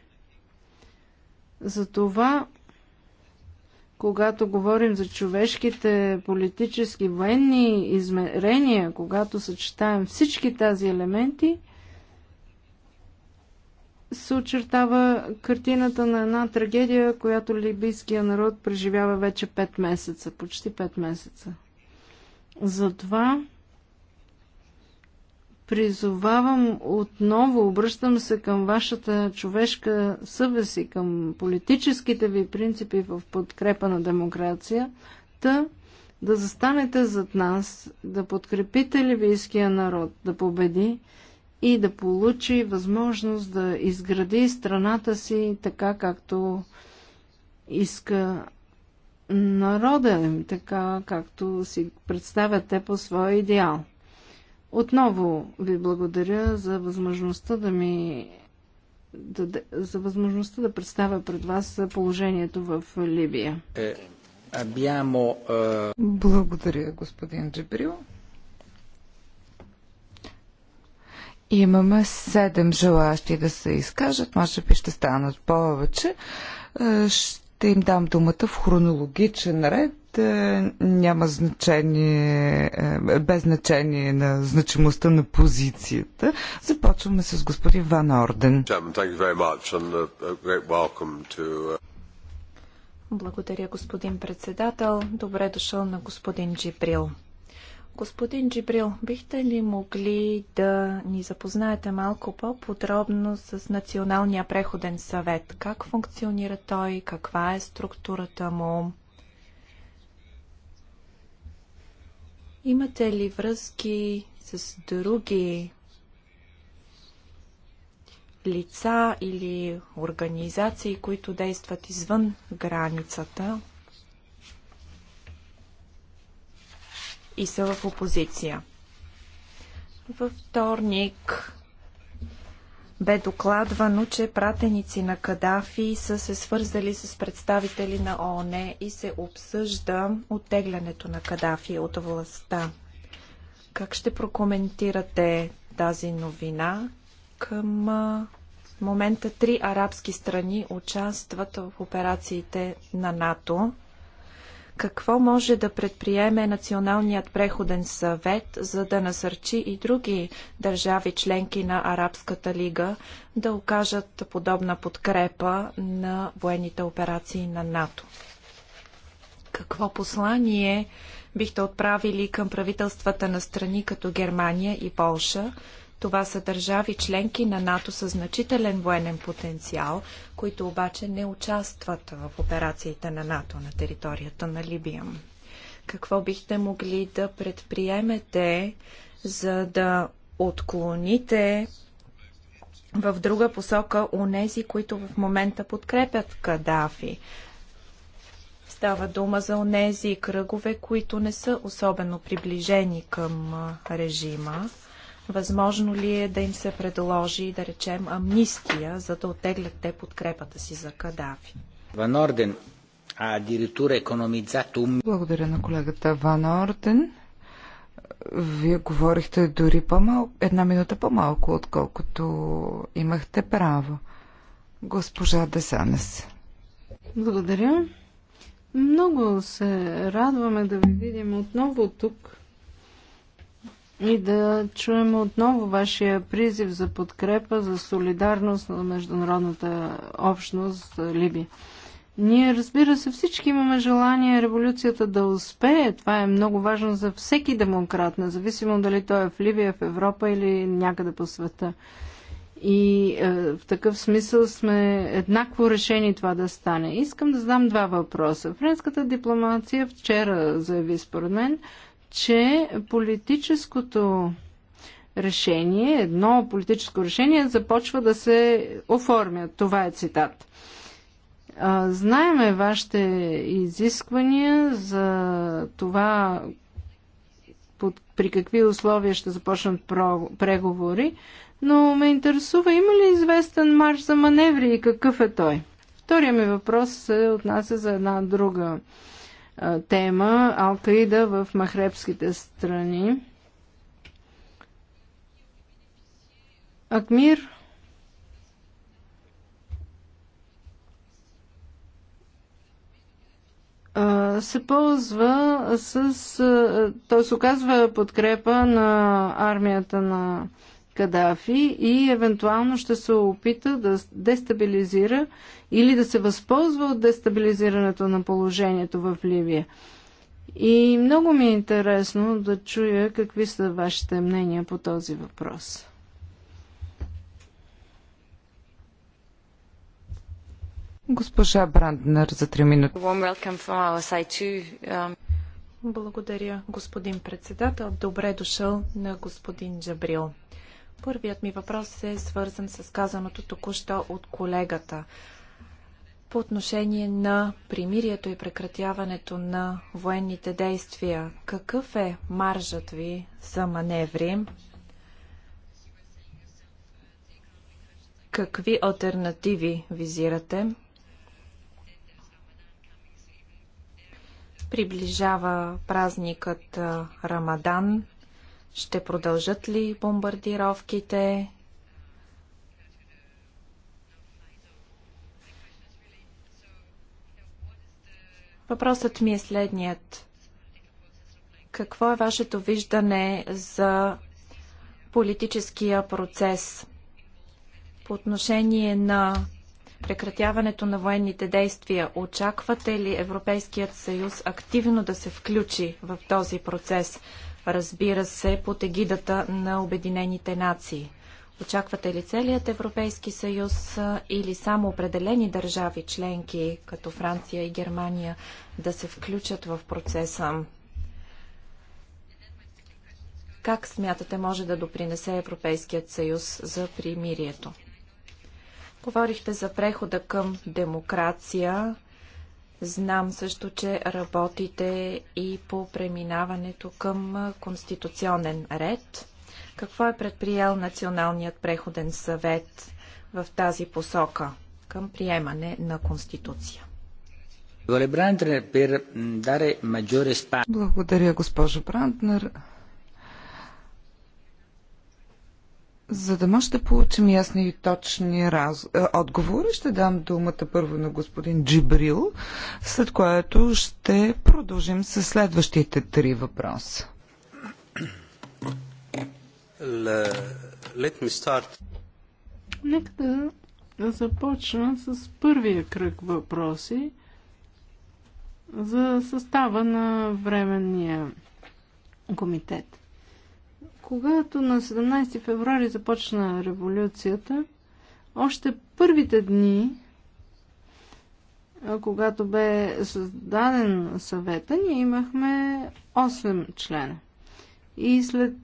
Затова, когато говорим за човешките, политически, военни измерения, когато съчетаем всички тази елементи, се очертава картината на една трагедия, която либийския народ преживява вече 5 месеца, почти 5 месеца. Затова призовавам отново, обръщам се към вашата човешка съвест и към политическите ви принципи в подкрепа на демокрацията, да застанете зад нас, да подкрепите ливийския народ да победи и да получи възможност да изгради страната си така, както иска народа им, така, както си представят те по своя идеал. Отново ви благодаря за възможността да ми да, за възможността да представя пред вас положението в Либия. Е, абямо, е... Благодаря, господин Джебрил. Имаме седем желащи да се изкажат, може би ще станат повече. Е, ще ще им дам думата в хронологичен ред. Е, няма значение, е, без значение на значимостта на позицията. Започваме с господин Ван Орден. Uh, Благодаря, господин председател. Добре дошъл на господин Джибрил. Господин Джибрил, бихте ли могли да ни запознаете малко по-подробно с Националния преходен съвет? Как функционира той? Каква е структурата му? Имате ли връзки с други лица или организации, които действат извън границата и са в опозиция. Във вторник бе докладвано, че пратеници на Кадафи са се свързали с представители на ООН и се обсъжда оттеглянето на Кадафи от властта. Как ще прокоментирате тази новина? Към момента три арабски страни участват в операциите на НАТО. Какво може да предприеме Националният преходен съвет, за да насърчи и други държави членки на Арабската лига да окажат подобна подкрепа на военните операции на НАТО? Какво послание бихте отправили към правителствата на страни като Германия и Полша, това са държави членки на НАТО с значителен военен потенциал, които обаче не участват в операциите на НАТО на територията на Либия. Какво бихте могли да предприемете, за да отклоните в друга посока онези, които в момента подкрепят Кадафи? Става дума за онези кръгове, които не са особено приближени към режима. Възможно ли е да им се предложи, да речем, амнистия, за да оттеглят те подкрепата си за Кадафи? Ван Орден, а директура економизато... Благодаря на колегата Ван Орден. Вие говорихте дори по-малко, една минута по-малко, отколкото имахте право. Госпожа Десанес. Благодаря. Много се радваме да ви видим отново тук и да чуем отново вашия призив за подкрепа, за солидарност на международната общност за Либия. Ние, разбира се, всички имаме желание революцията да успее. Това е много важно за всеки демократ, независимо дали той е в Ливия, в Европа или някъде по света. И е, в такъв смисъл сме еднакво решени това да стане. Искам да задам два въпроса. Френската дипломация вчера заяви според мен, че политическото решение, едно политическо решение започва да се оформя. Това е цитат. Знаеме вашите изисквания за това под, при какви условия ще започнат преговори, но ме интересува има ли известен марш за маневри и какъв е той? Втория ми въпрос се отнася за една друга тема Алкаида в махребските страни. Акмир се ползва с... Той се оказва подкрепа на армията на Кадафи и евентуално ще се опита да дестабилизира или да се възползва от дестабилизирането на положението в Ливия. И много ми е интересно да чуя какви са вашите мнения по този въпрос. Госпожа Бранднер за 3 минути. Um, Благодаря, господин председател. Добре дошъл на господин Джабрил. Първият ми въпрос е свързан с казаното току-що от колегата по отношение на примирието и прекратяването на военните действия. Какъв е маржът ви за маневри? Какви альтернативи визирате? Приближава празникът Рамадан – ще продължат ли бомбардировките? Въпросът ми е следният. Какво е вашето виждане за политическия процес по отношение на прекратяването на военните действия? Очаквате ли Европейският съюз активно да се включи в този процес? разбира се, под егидата на Обединените нации. Очаквате ли целият Европейски съюз или само определени държави членки, като Франция и Германия, да се включат в процеса? Как смятате може да допринесе Европейският съюз за примирието? Говорихте за прехода към демокрация Знам също, че работите и по преминаването към конституционен ред. Какво е предприел Националният преходен съвет в тази посока към приемане на Конституция? Благодаря, госпожо Брантнер. За да може да получим ясни и точни раз... Е, отговори, ще дам думата първо на господин Джибрил, след което ще продължим с следващите три въпроса. Нека да, да започна с първия кръг въпроси за състава на временния комитет. Когато на 17 февруари започна революцията, още първите дни, когато бе създаден съвета, ние имахме 8 члена. И след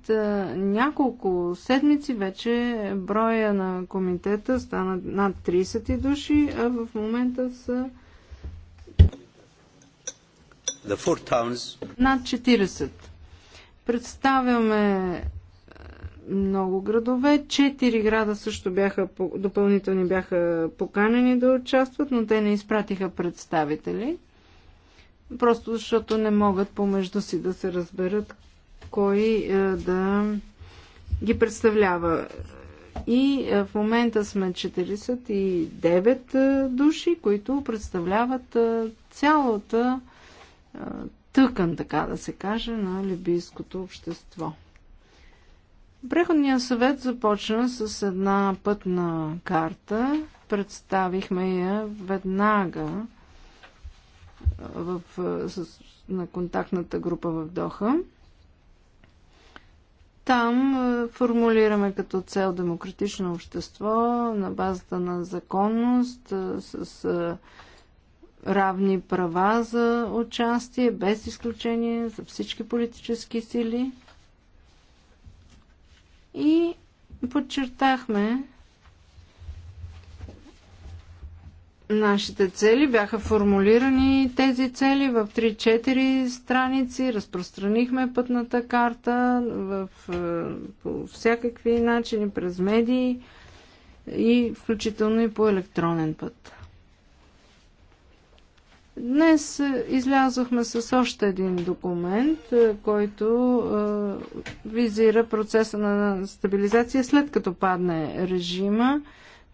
няколко седмици вече броя на комитета стана над 30 души, а в момента са над 40. Представяме много градове. Четири града също бяха, допълнителни бяха поканени да участват, но те не изпратиха представители. Просто защото не могат помежду си да се разберат кой е, да ги представлява. И е, в момента сме 49 е, души, които представляват цялата тъкан, така да се каже, на либийското общество. Преходният съвет започна с една пътна карта. Представихме я веднага в, с, на контактната група в Доха. Там формулираме като цел демократично общество на базата на законност, с равни права за участие, без изключение за всички политически сили – и подчертахме нашите цели. Бяха формулирани тези цели в 3-4 страници, разпространихме пътната карта в, е, по всякакви начини, през медии и включително и по електронен път. Днес е, излязохме с още един документ, е, който е, визира процеса на стабилизация след като падне режима.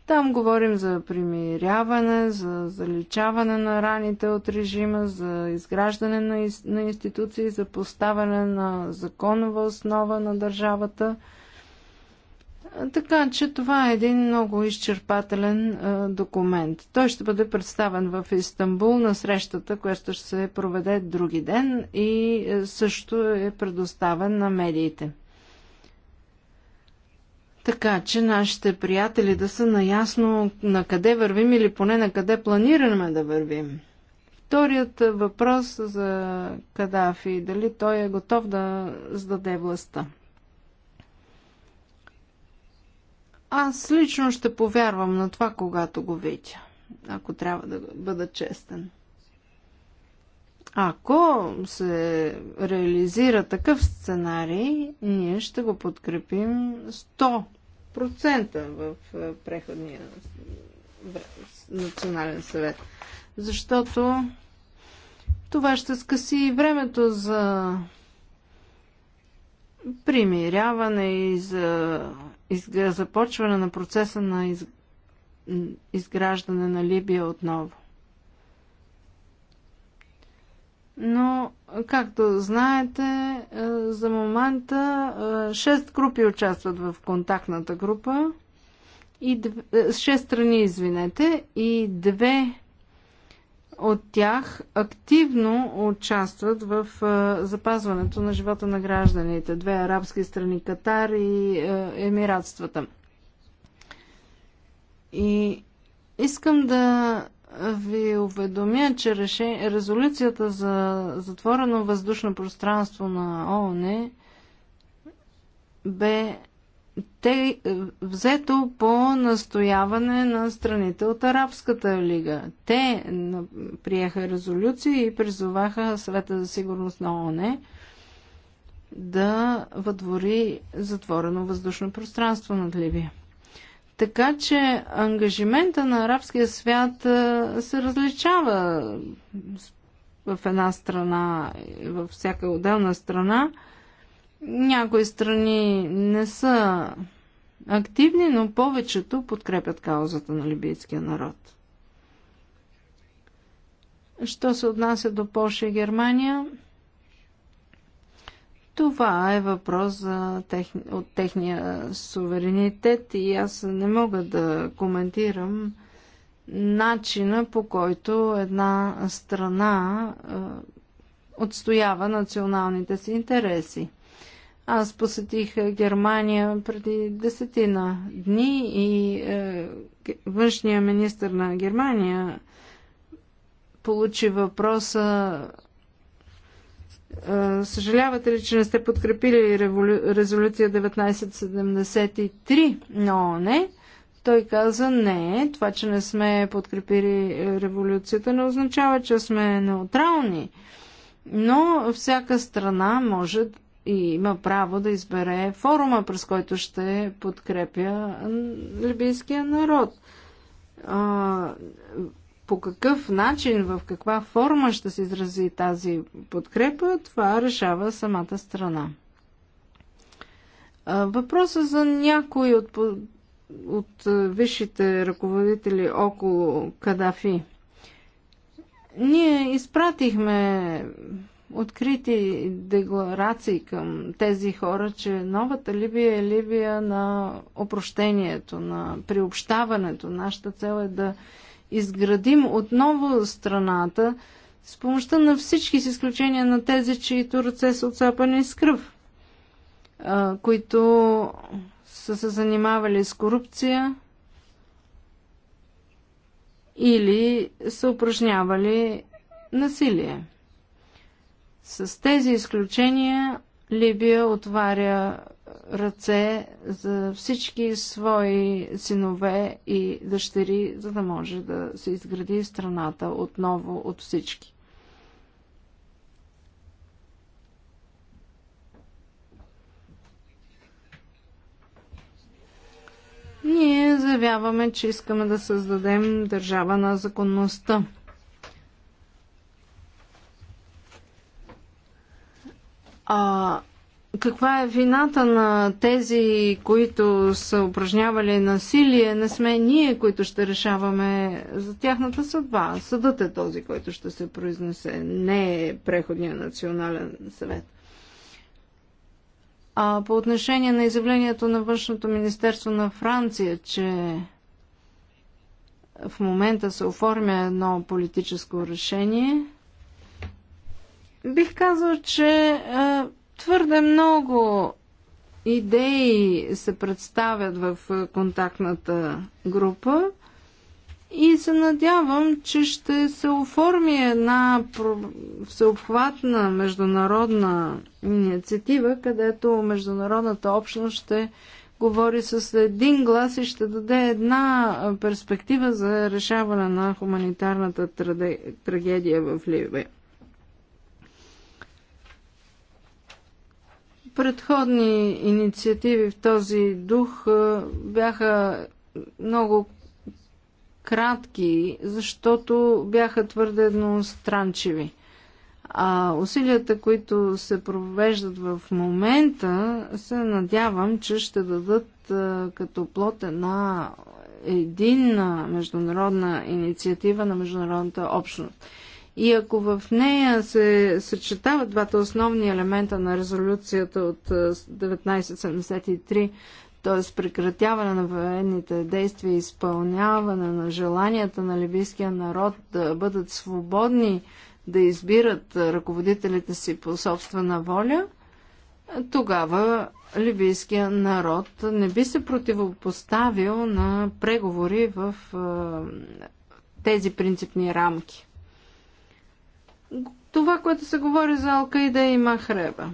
Там говорим за примиряване, за заличаване на раните от режима, за изграждане на, институции, за поставяне на законова основа на държавата – така че това е един много изчерпателен а, е, документ. Той ще бъде представен в Истанбул на срещата, която ще се проведе други ден и е, също е предоставен на медиите. Така че нашите приятели да са наясно на къде вървим или поне на къде планираме да вървим. Вторият въпрос за Кадафи, дали той е готов да сдаде властта. Аз лично ще повярвам на това, когато го видя, ако трябва да бъда честен. Ако се реализира такъв сценарий, ние ще го подкрепим 100% в е, преходния национален съвет. Защото това ще скъси и времето за примиряване и за започване на процеса на из... изграждане на Либия отново. Но, както знаете, е, за момента 6 е, групи участват в контактната група и 6 е, страни, извинете, и две от тях активно участват в запазването на живота на гражданите. Две арабски страни Катар и Емиратствата. И искам да ви уведомя, че резолюцията за затворено въздушно пространство на ООН е, бе те е, взето по настояване на страните от Арабската лига. Те приеха резолюции и призоваха Съвета за сигурност на ООН да въдвори затворено въздушно пространство над Ливия. Така че ангажимента на арабския свят е, се различава в една страна, във всяка отделна страна – някои страни не са активни, но повечето подкрепят каузата на либийския народ. Що се отнася до Польша и Германия, това е въпрос за тех... от техния суверенитет и аз не мога да коментирам начина по който една страна отстоява националните си интереси. Аз посетих е, Германия преди десетина дни и е, външния министр на Германия получи въпроса е, Съжалявате ли, че не сте подкрепили револю... резолюция 1973 на не. Той каза не, това, че не сме подкрепили революцията, не означава, че сме неутрални. Но всяка страна може и има право да избере форума, през който ще подкрепя либийския народ. А, по какъв начин, в каква форма ще се изрази тази подкрепа, това решава самата страна. Въпросът за някои от, от висшите ръководители около Кадафи. Ние изпратихме открити декларации към тези хора, че новата Либия е Либия на опрощението, на приобщаването. Нашата цел е да изградим отново страната с помощта на всички, с изключение на тези, чието ръце са отцапани с кръв, които са се занимавали с корупция или са упражнявали насилие. С тези изключения Либия отваря ръце за всички свои синове и дъщери, за да може да се изгради страната отново от всички. Ние заявяваме, че искаме да създадем държава на законността. А, каква е вината на тези, които са упражнявали насилие? Не сме ние, които ще решаваме за тяхната съдба. Съдът е този, който ще се произнесе, не е Преходния национален съвет. А по отношение на изявлението на Външното министерство на Франция, че в момента се оформя едно политическо решение – Бих казал, че а, твърде много идеи се представят в контактната група и се надявам, че ще се оформи една всеобхватна международна инициатива, където международната общност ще говори с един глас и ще даде една перспектива за решаване на хуманитарната трагедия в Ливия. Предходни инициативи в този дух бяха много кратки, защото бяха твърде едностранчиви. А усилията, които се провеждат в момента, се надявам, че ще дадат като плод една единна международна инициатива на международната общност. И ако в нея се съчетават двата основни елемента на резолюцията от 1973, т.е. прекратяване на военните действия и изпълняване на желанията на ливийския народ да бъдат свободни, да избират ръководителите си по собствена воля, тогава ливийския народ не би се противопоставил на преговори в тези принципни рамки това, което се говори за Алкаида и Махреба.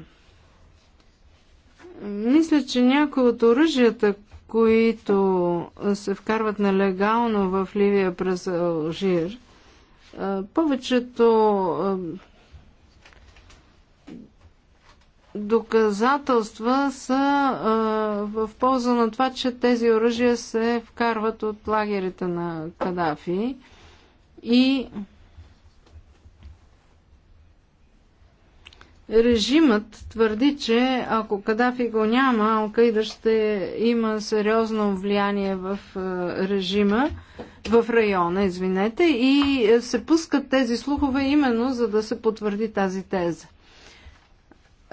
Мисля, че някои от оръжията, които се вкарват нелегално в Ливия през Алжир, повечето доказателства са в полза на това, че тези оръжия се вкарват от лагерите на Кадафи и Режимът твърди, че ако Кадафи го няма, Алкаида ще има сериозно влияние в е, режима, в района, извинете, и се пускат тези слухове именно за да се потвърди тази теза.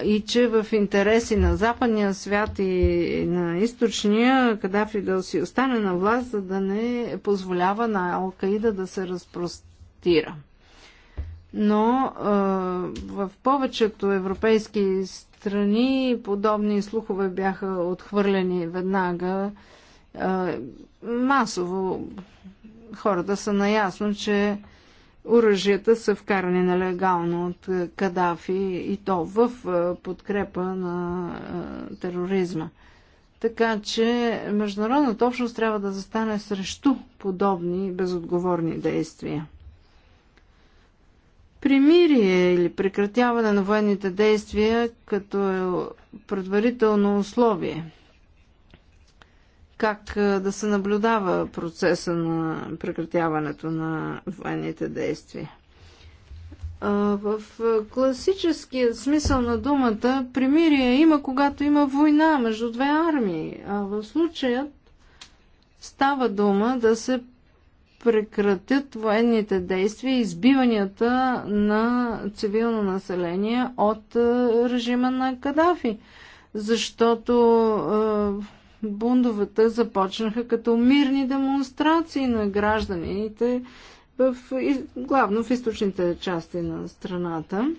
И че в интереси на западния свят и на източния, Кадафи да си остане на власт, за да не позволява на Алкаида да се разпростира но а, в повечето европейски страни подобни слухове бяха отхвърлени веднага. А, масово хората са наясно, че оръжията са вкарани нелегално от Кадафи и то в подкрепа на тероризма. Така че международната общност трябва да застане срещу подобни безотговорни действия примирие или прекратяване на военните действия като е предварително условие. Как е, да се наблюдава процеса на прекратяването на военните действия? В е, класическия смисъл на думата примирие има когато има война между две армии, а в случая става дума да се прекратят военните действия и избиванията на цивилно население от е, режима на Кадафи. Защото е, бундовете започнаха като мирни демонстрации на гражданите, в, главно в източните части на страната.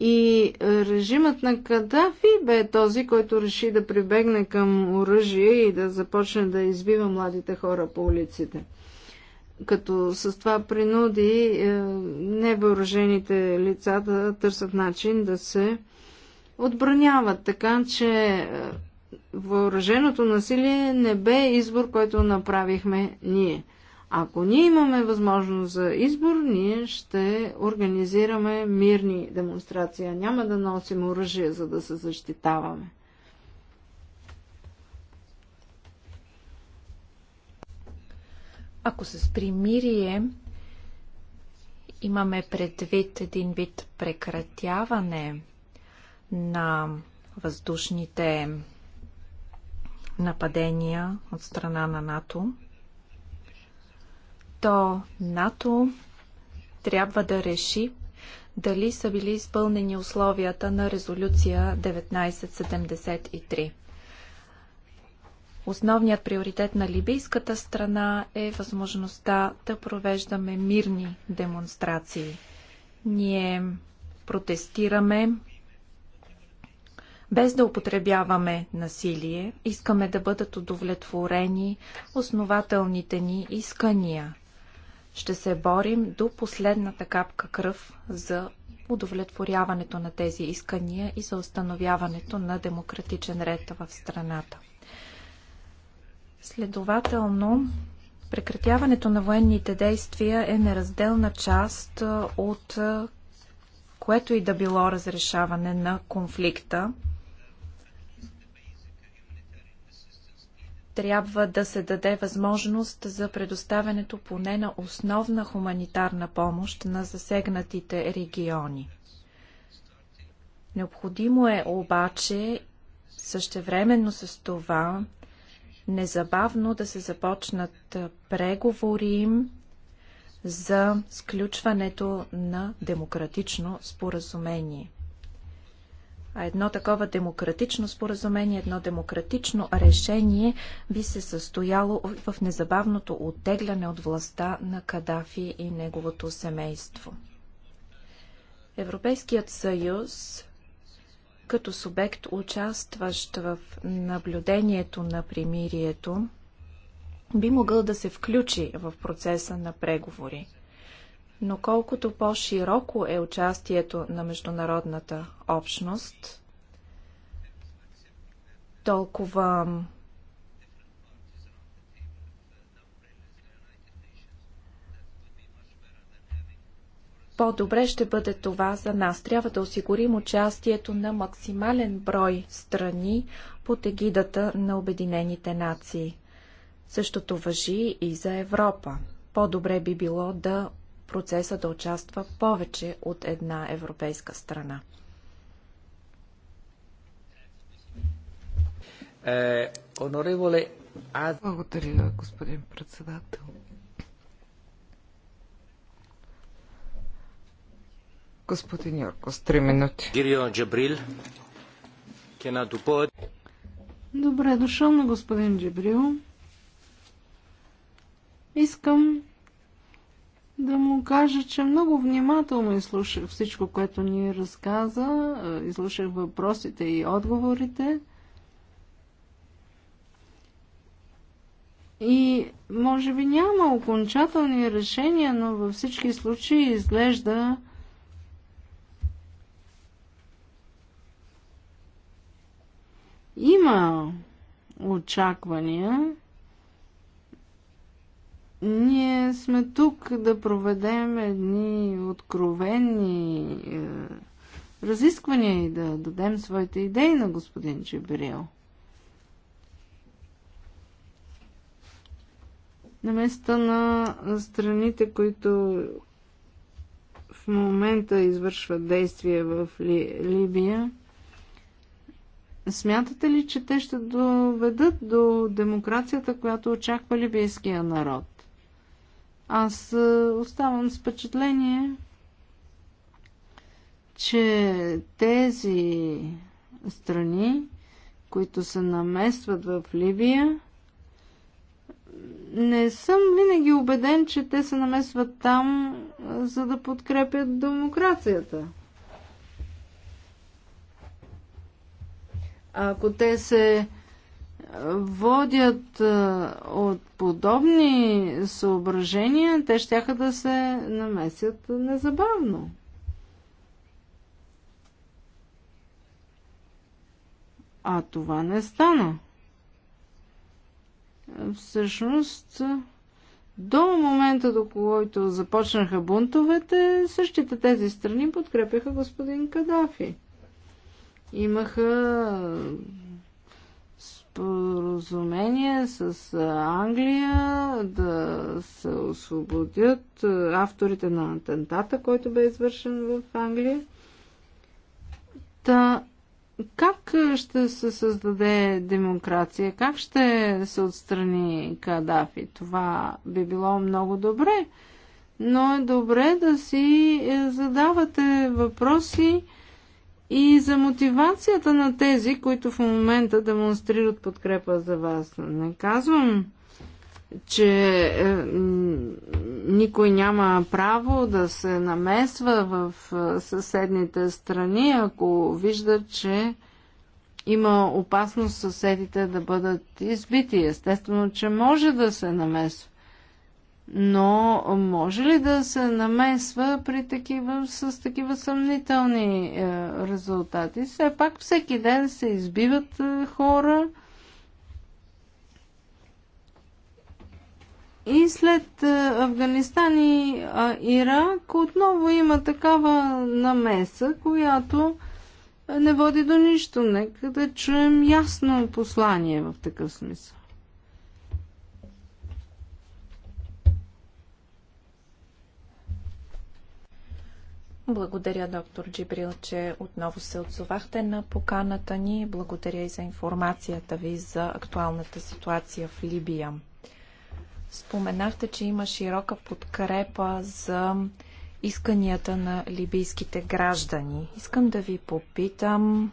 И режимът на Кадафи бе този, който реши да прибегне към оръжие и да започне да избива младите хора по улиците. Като с това принуди е, невъоръжените лица да търсят начин да се отбраняват. Така че е, въоръженото насилие не бе избор, който направихме ние – ако ние имаме възможност за избор, ние ще организираме мирни демонстрации. Няма да носим оръжие, за да се защитаваме. Ако с примирие имаме предвид един вид прекратяване на въздушните нападения от страна на НАТО, то НАТО трябва да реши дали са били изпълнени условията на резолюция 1973. Основният приоритет на либийската страна е възможността да провеждаме мирни демонстрации. Ние протестираме без да употребяваме насилие, искаме да бъдат удовлетворени основателните ни искания ще се борим до последната капка кръв за удовлетворяването на тези искания и за установяването на демократичен ред в страната. Следователно, прекратяването на военните действия е неразделна част от което и да било разрешаване на конфликта трябва да се даде възможност за предоставянето поне на основна хуманитарна помощ на засегнатите региони. Необходимо е обаче същевременно с това незабавно да се започнат преговори за сключването на демократично споразумение. А едно такова демократично споразумение, едно демократично решение би се състояло в незабавното оттегляне от властта на Кадафи и неговото семейство. Европейският съюз като субект, участващ в наблюдението на примирието, би могъл да се включи в процеса на преговори. Но колкото по-широко е участието на международната общност, толкова по-добре ще бъде това за нас. Трябва да осигурим участието на максимален брой страни под егидата на Обединените нации. Същото въжи и за Европа. По-добре би било да процеса да участва повече от една европейска страна. Е, Благодаря, господин председател. Господин Йорко, с три минути. Добре дошъл на господин Джебрил. Искам да му кажа, че много внимателно изслушах всичко, което ни разказа, е, изслушах въпросите и отговорите. И може би няма окончателни решения, но във всички случаи изглежда, има очаквания ние сме тук да проведем едни откровени е, разисквания и да дадем своите идеи на господин Чебрил. На места на страните, които в момента извършват действия в Ли, Либия, смятате ли, че те ще доведат до демокрацията, която очаква либийския народ? Аз е, оставам с впечатление, че тези страни, които се наместват в Ливия, не съм винаги убеден, че те се наместват там, е, за да подкрепят демокрацията. ако те се водят от подобни съображения, те ще да се намесят незабавно. А това не стана. Всъщност, до момента, до който започнаха бунтовете, същите тези страни подкрепяха господин Кадафи. Имаха споразумение с Англия да се освободят авторите на атентата, който бе извършен в Англия. Та, как ще се създаде демокрация? Как ще се отстрани Кадафи? Това би било много добре, но е добре да си е, задавате въпроси и за мотивацията на тези, които в момента демонстрират подкрепа за вас. Не казвам, че е, никой няма право да се намесва в е, съседните страни, ако вижда, че има опасност съседите да бъдат избити. Естествено, че може да се намесва но може ли да се намесва при такива, с такива съмнителни е, резултати? Все пак всеки ден се избиват е, хора и след е, Афганистан и е, Ирак отново има такава намеса, която е, не води до нищо. Нека да чуем ясно послание в такъв смисъл. Благодаря, доктор Джибрил, че отново се отзовахте на поканата ни. Благодаря и за информацията ви за актуалната ситуация в Либия. Споменахте, че има широка подкрепа за исканията на либийските граждани. Искам да ви попитам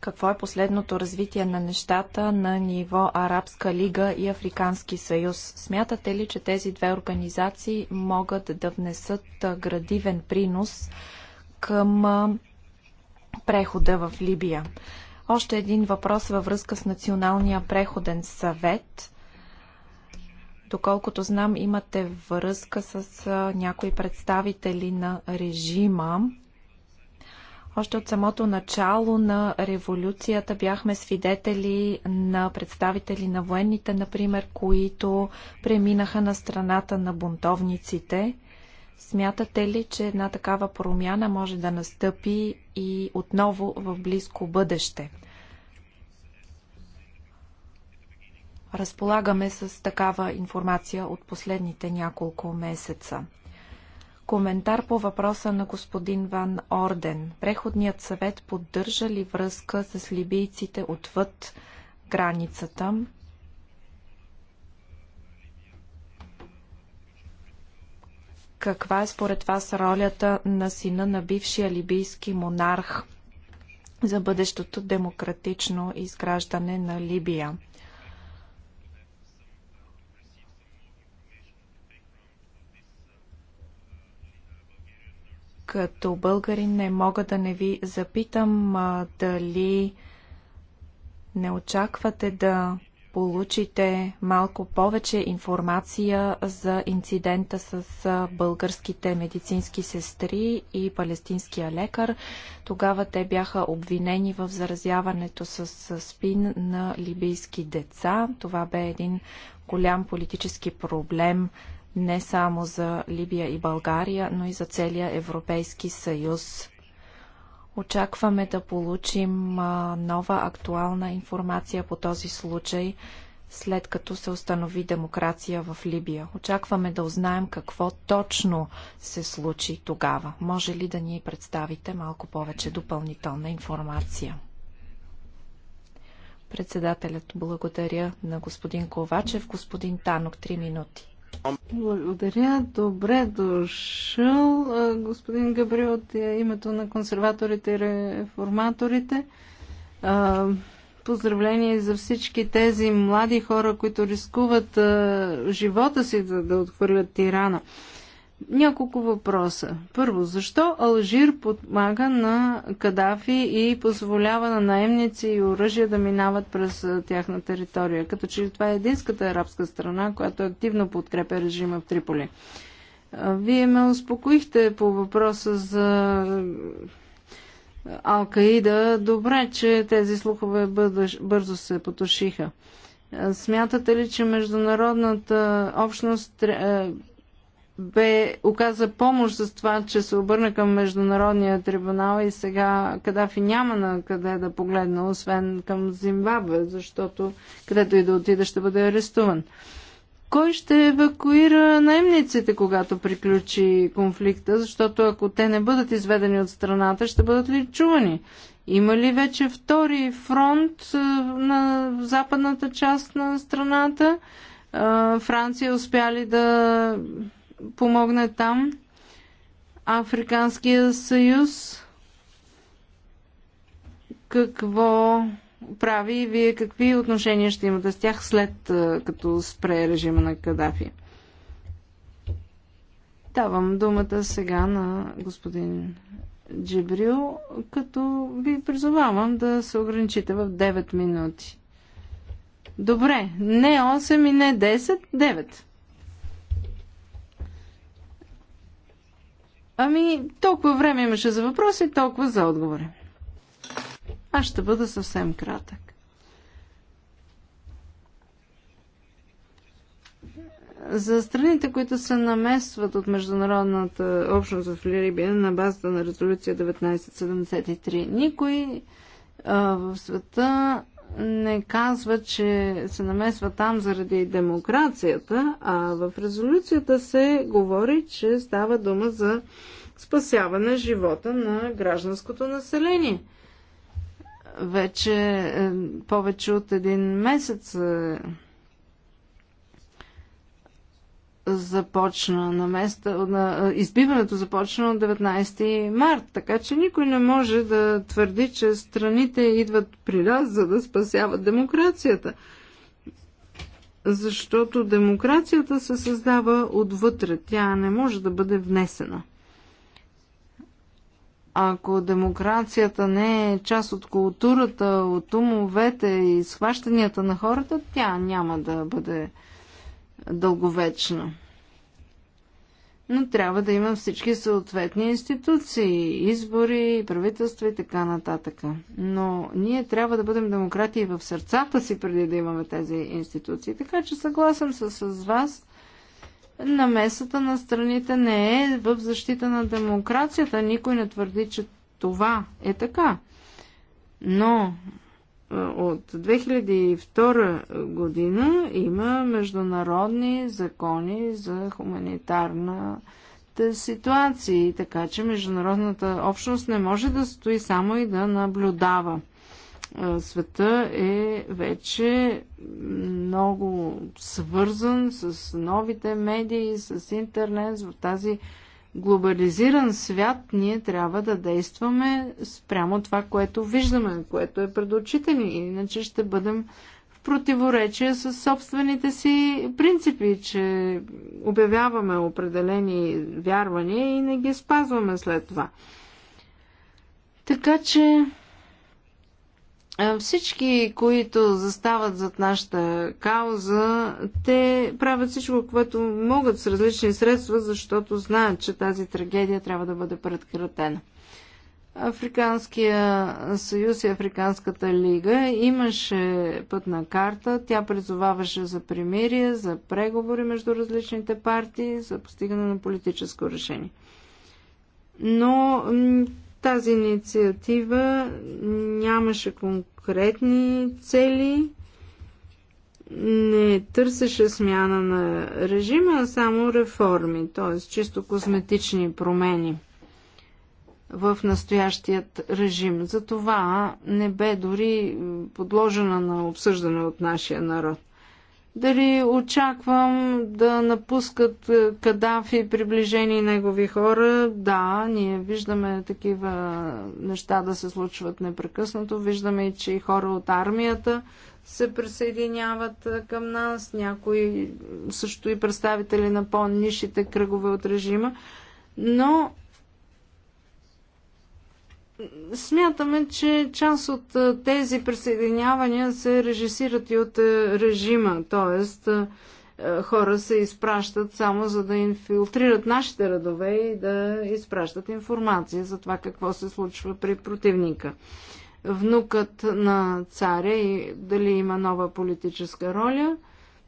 какво е последното развитие на нещата на ниво Арабска лига и Африкански съюз. Смятате ли, че тези две организации могат да внесат градивен принос към прехода в Либия? Още един въпрос във връзка с Националния преходен съвет. Доколкото знам, имате връзка с някои представители на режима. Още от самото начало на революцията бяхме свидетели на представители на военните, например, които преминаха на страната на бунтовниците. Смятате ли, че една такава промяна може да настъпи и отново в близко бъдеще? Разполагаме с такава информация от последните няколко месеца. Коментар по въпроса на господин Ван Орден. Преходният съвет поддържа ли връзка с либийците отвъд границата? Каква е според вас ролята на сина на бившия либийски монарх за бъдещото демократично изграждане на Либия? Като българин не мога да не ви запитам а, дали не очаквате да получите малко повече информация за инцидента с българските медицински сестри и палестинския лекар. Тогава те бяха обвинени в заразяването с спин на либийски деца. Това бе един голям политически проблем не само за Либия и България, но и за целия Европейски съюз. Очакваме да получим нова актуална информация по този случай, след като се установи демокрация в Либия. Очакваме да узнаем какво точно се случи тогава. Може ли да ни представите малко повече допълнителна информация? Председателят благодаря на господин Ковачев. Господин Танок, 3 минути. Благодаря. Добре дошъл, господин Габриел, от името на консерваторите и реформаторите. Поздравление за всички тези млади хора, които рискуват живота си да, да отхвърлят тирана. Няколко въпроса. Първо, защо Алжир подмага на Кадафи и позволява на наемници и оръжия да минават през тяхна територия? Като че това е единската арабска страна, която активно подкрепя режима в Триполи. Вие ме успокоихте по въпроса за Алкаида. Добре, че тези слухове бързо се потушиха. Смятате ли, че международната общност бе оказа помощ за това, че се обърна към Международния трибунал и сега Кадафи няма на къде да погледне, освен към Зимбабве, защото където и да отида ще бъде арестуван. Кой ще евакуира наемниците, когато приключи конфликта, защото ако те не бъдат изведени от страната, ще бъдат ли чувани? Има ли вече втори фронт на западната част на страната? Франция успя ли да помогне там. Африканския съюз какво прави и вие какви отношения ще имате с тях след като спре режима на Кадафи? Давам думата сега на господин Джебрил, като ви призовавам да се ограничите в 9 минути. Добре, не 8 и не 10, 9. Ами, толкова време имаше за въпроси, толкова за отговори. Аз ще бъда съвсем кратък. За страните, които се намесват от международната общност в Лирибия на базата на резолюция 1973, никой а, в света не казва, че се намесва там заради демокрацията, а в резолюцията се говори, че става дума за спасяване живота на гражданското население. Вече е, повече от един месец е, започна на места, на, избиването започна от 19 март, така че никой не може да твърди, че страните идват при нас, за да спасяват демокрацията. Защото демокрацията се създава отвътре, тя не може да бъде внесена. Ако демокрацията не е част от културата, от умовете и схващанията на хората, тя няма да бъде дълговечно. Но трябва да има всички съответни институции, избори, правителства и така нататък. Но ние трябва да бъдем демократи в сърцата си, преди да имаме тези институции. Така че съгласен съм с вас. Намесата на страните не е в защита на демокрацията. Никой не твърди, че това е така. Но от 2002 година има международни закони за хуманитарната ситуации, така че международната общност не може да стои само и да наблюдава. Света е вече много свързан с новите медии, с интернет в тази глобализиран свят ние трябва да действаме спрямо това, което виждаме, което е пред очите ни. Иначе ще бъдем в противоречие с собствените си принципи, че обявяваме определени вярвания и не ги спазваме след това. Така че всички, които застават зад нашата кауза, те правят всичко, което могат с различни средства, защото знаят, че тази трагедия трябва да бъде предкратена. Африканския съюз и Африканската лига имаше пътна карта. Тя призоваваше за примирие, за преговори между различните партии, за постигане на политическо решение. Но тази инициатива нямаше конкретни цели, не търсеше смяна на режима, а само реформи, т.е. чисто козметични промени в настоящият режим. Затова не бе дори подложена на обсъждане от нашия народ. Дали очаквам да напускат е, Кадафи приближени негови хора? Да, ние виждаме такива неща да се случват непрекъснато. Виждаме, че и хора от армията се присъединяват е, към нас, някои също и представители на по-нишите кръгове от режима. Но Смятаме, че част от тези присъединявания се режисират и от режима, т.е. хора се изпращат само за да инфилтрират нашите редове и да изпращат информация за това какво се случва при противника. Внукът на царя и дали има нова политическа роля.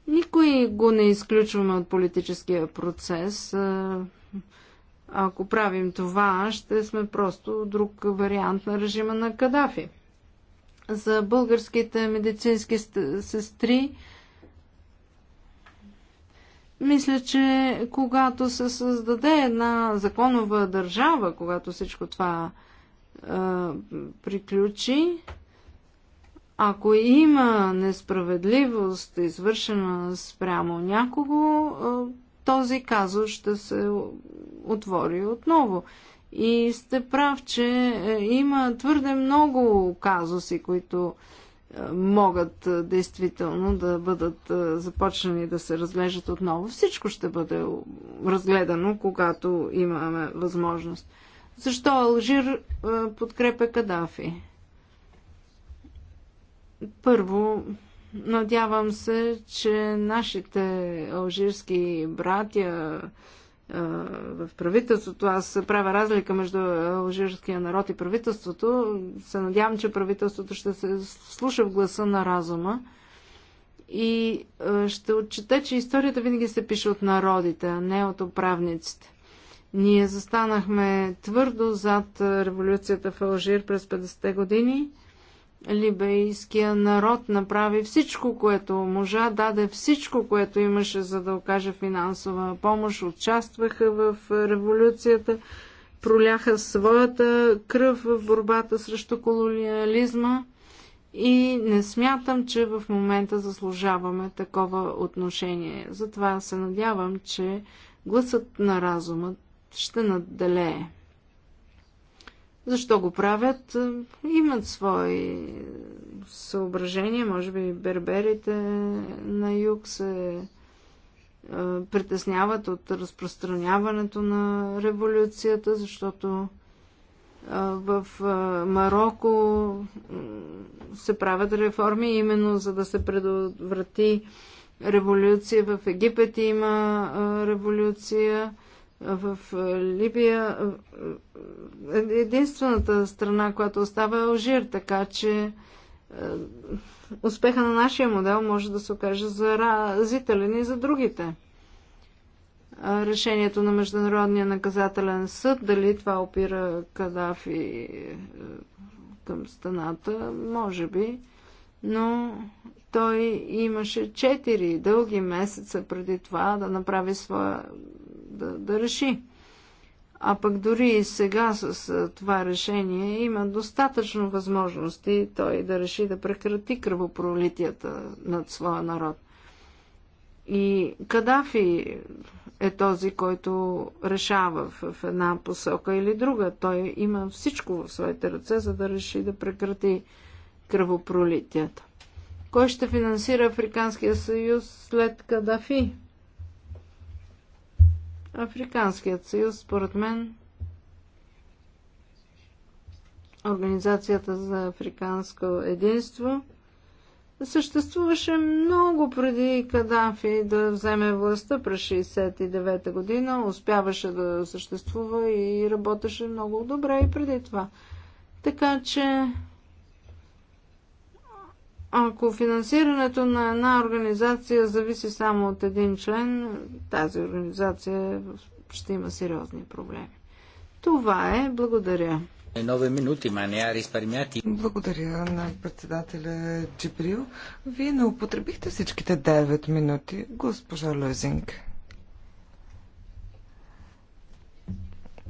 Никой го не изключваме от политическия процес ако правим това, ще сме просто друг вариант на режима на Кадафи. За българските медицински сестри, мисля, че когато се създаде една законова държава, когато всичко това е, приключи, ако има несправедливост, извършена спрямо някого, е, този казус ще се отвори отново. И сте прав, че е, има твърде много казуси, които е, могат е, действително да бъдат започнани да се разглеждат отново. Всичко ще бъде разгледано, когато имаме възможност. Защо Алжир подкрепя Кадафи? Първо, Надявам се, че нашите алжирски братя в правителството, аз правя разлика между алжирския народ и правителството, се надявам, че правителството ще се слуша в гласа на разума и ще отчете, че историята винаги се пише от народите, а не от управниците. Ние застанахме твърдо зад революцията в Алжир през 50-те години – либейския народ направи всичко, което можа, даде всичко, което имаше, за да окаже финансова помощ, участваха в революцията, проляха своята кръв в борбата срещу колониализма и не смятам, че в момента заслужаваме такова отношение. Затова се надявам, че гласът на разумът ще надделее. Защо го правят? Е, имат свои съображения. Може би берберите на юг се е, притесняват от разпространяването на революцията, защото е, в Марокко се правят реформи именно за да се предотврати революция. В Египет има революция в Либия единствената страна, която остава е Алжир, така че успеха на нашия модел може да се окаже заразителен и за другите. Решението на Международния наказателен съд, дали това опира Кадафи към стената, може би, но той имаше 4 дълги месеца преди това да направи своя да, да реши. А пък дори и сега с това решение има достатъчно възможности той да реши да прекрати кръвопролитията над своя народ. И Кадафи е този, който решава в една посока или друга. Той има всичко в своите ръце, за да реши да прекрати кръвопролитията. Кой ще финансира Африканския съюз след Кадафи? Африканският съюз, според мен, Организацията за африканско единство, съществуваше много преди Кадафи да вземе властта през 1969 година, успяваше да съществува и работеше много добре и преди това. Така че ако финансирането на една организация зависи само от един член, тази организация ще има сериозни проблеми. Това е. Благодаря. минути, ма не Благодаря на председателя Джибрил. Вие не употребихте всичките 9 минути, госпожа Лозинг.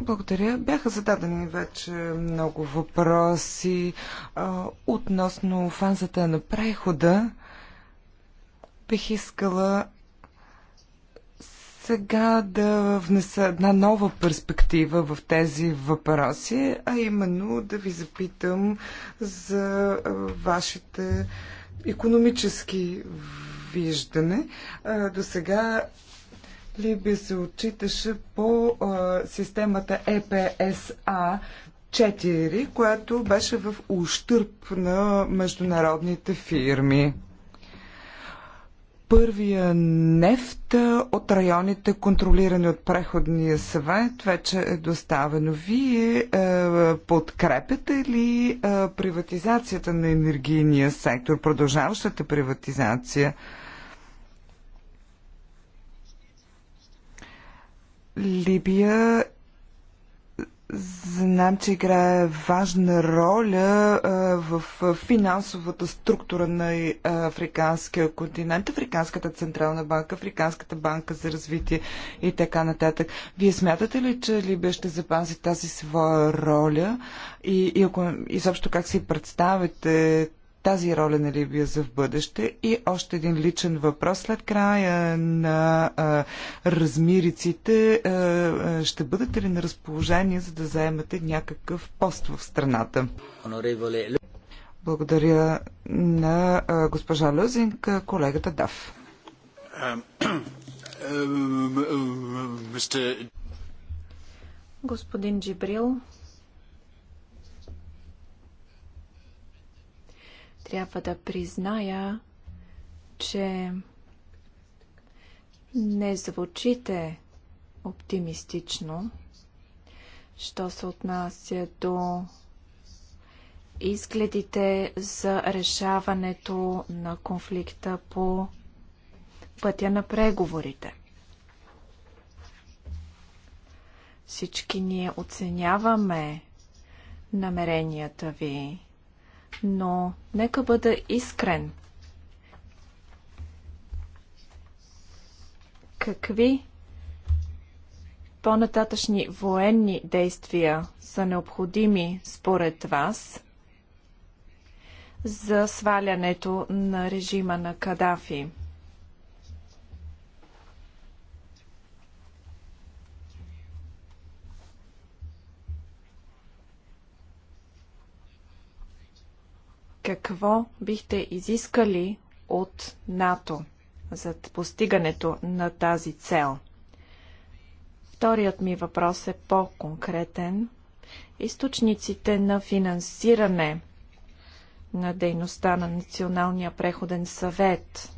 Благодаря. Бяха зададени вече много въпроси а, относно фазата на прехода. Бих искала сега да внеса една нова перспектива в тези въпроси, а именно да ви запитам за вашите економически виждане. До сега Либия се отчиташе по а, системата ЕПСА 4, която беше в ущърп на международните фирми. Първия нефт от районите, контролирани от преходния съвет, вече е доставено. Вие е, подкрепяте ли е, приватизацията на енергийния сектор, продължаващата приватизация? Либия знам, че играе важна роля в финансовата структура на африканския континент, Африканската централна банка, Африканската банка за развитие и така нататък. Вие смятате ли, че Либия ще запази тази своя роля и, и ако, изобщо как си представите тази роля на Либия е за в бъдеще? И още един личен въпрос след края на а, размириците. А, ще бъдете ли на разположение, за да заемете някакъв пост в страната? Благодаря на а, госпожа Лозинг, колегата Дав. Господин Джибрил, трябва да призная, че не звучите оптимистично, що се отнася до изгледите за решаването на конфликта по пътя на преговорите. Всички ние оценяваме намеренията ви но нека бъда искрен. Какви по-нататъчни военни действия са необходими според вас за свалянето на режима на Кадафи? Какво бихте изискали от НАТО за постигането на тази цел? Вторият ми въпрос е по-конкретен. Източниците на финансиране на дейността на Националния преходен съвет.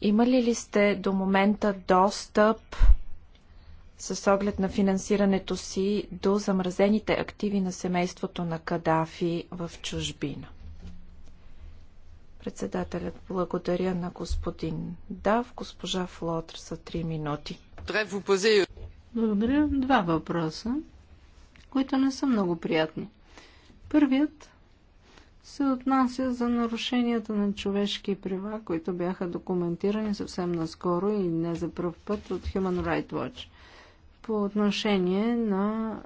Имали ли сте до момента достъп с оглед на финансирането си до замразените активи на семейството на Кадафи в чужбина. Председателят благодаря на господин Дав, госпожа Флотр за 3 минути. Благодаря. Два въпроса, които не са много приятни. Първият се отнася за нарушенията на човешки права, които бяха документирани съвсем наскоро и не за първ път от Human Rights Watch по отношение на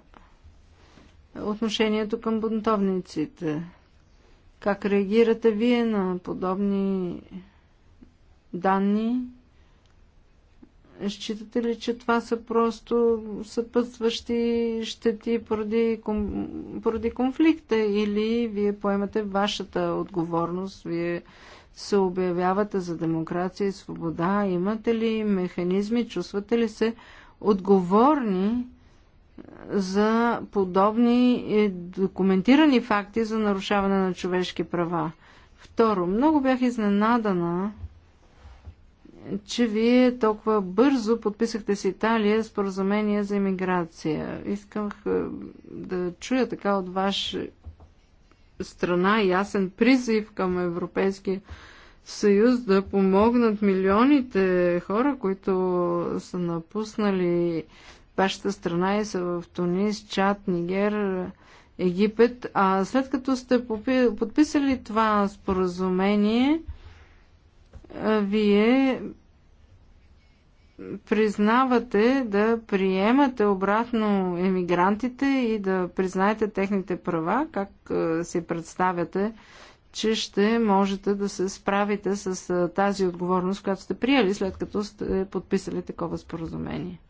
отношението към бунтовниците. Как реагирате вие на подобни данни? Считате ли, че това са просто съпътстващи щети поради, поради конфликта или вие поемате вашата отговорност, вие се обявявате за демокрация и свобода? Имате ли механизми, чувствате ли се отговорни за подобни документирани факти за нарушаване на човешки права. Второ, много бях изненадана, че вие толкова бързо подписахте с Италия споразумение за иммиграция. Исках е, да чуя така от ваша страна ясен призив към Европейския съюз да помогнат милионите хора, които са напуснали вашата страна и са в Тунис, Чад, Нигер, Египет. А след като сте подписали това споразумение, вие признавате да приемате обратно емигрантите и да признаете техните права, как си представяте че ще можете да се справите с тази отговорност, която сте приели, след като сте подписали такова споразумение.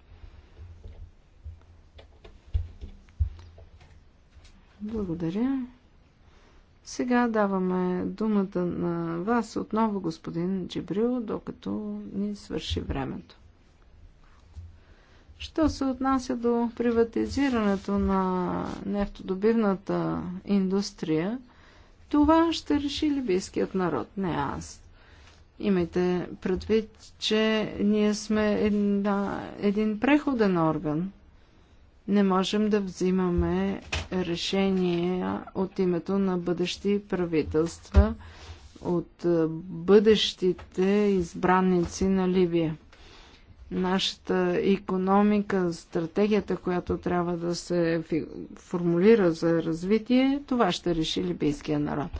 Благодаря. Сега даваме думата на вас отново, господин Джибрил, докато ни свърши времето. Що се отнася до приватизирането на нефтодобивната индустрия, това ще реши либийският народ, не аз. Имайте предвид, че ние сме една, един преходен орган. Не можем да взимаме решение от името на бъдещи правителства, от бъдещите избранници на Ливия нашата економика, стратегията, която трябва да се формулира за развитие, това ще реши либийския народ.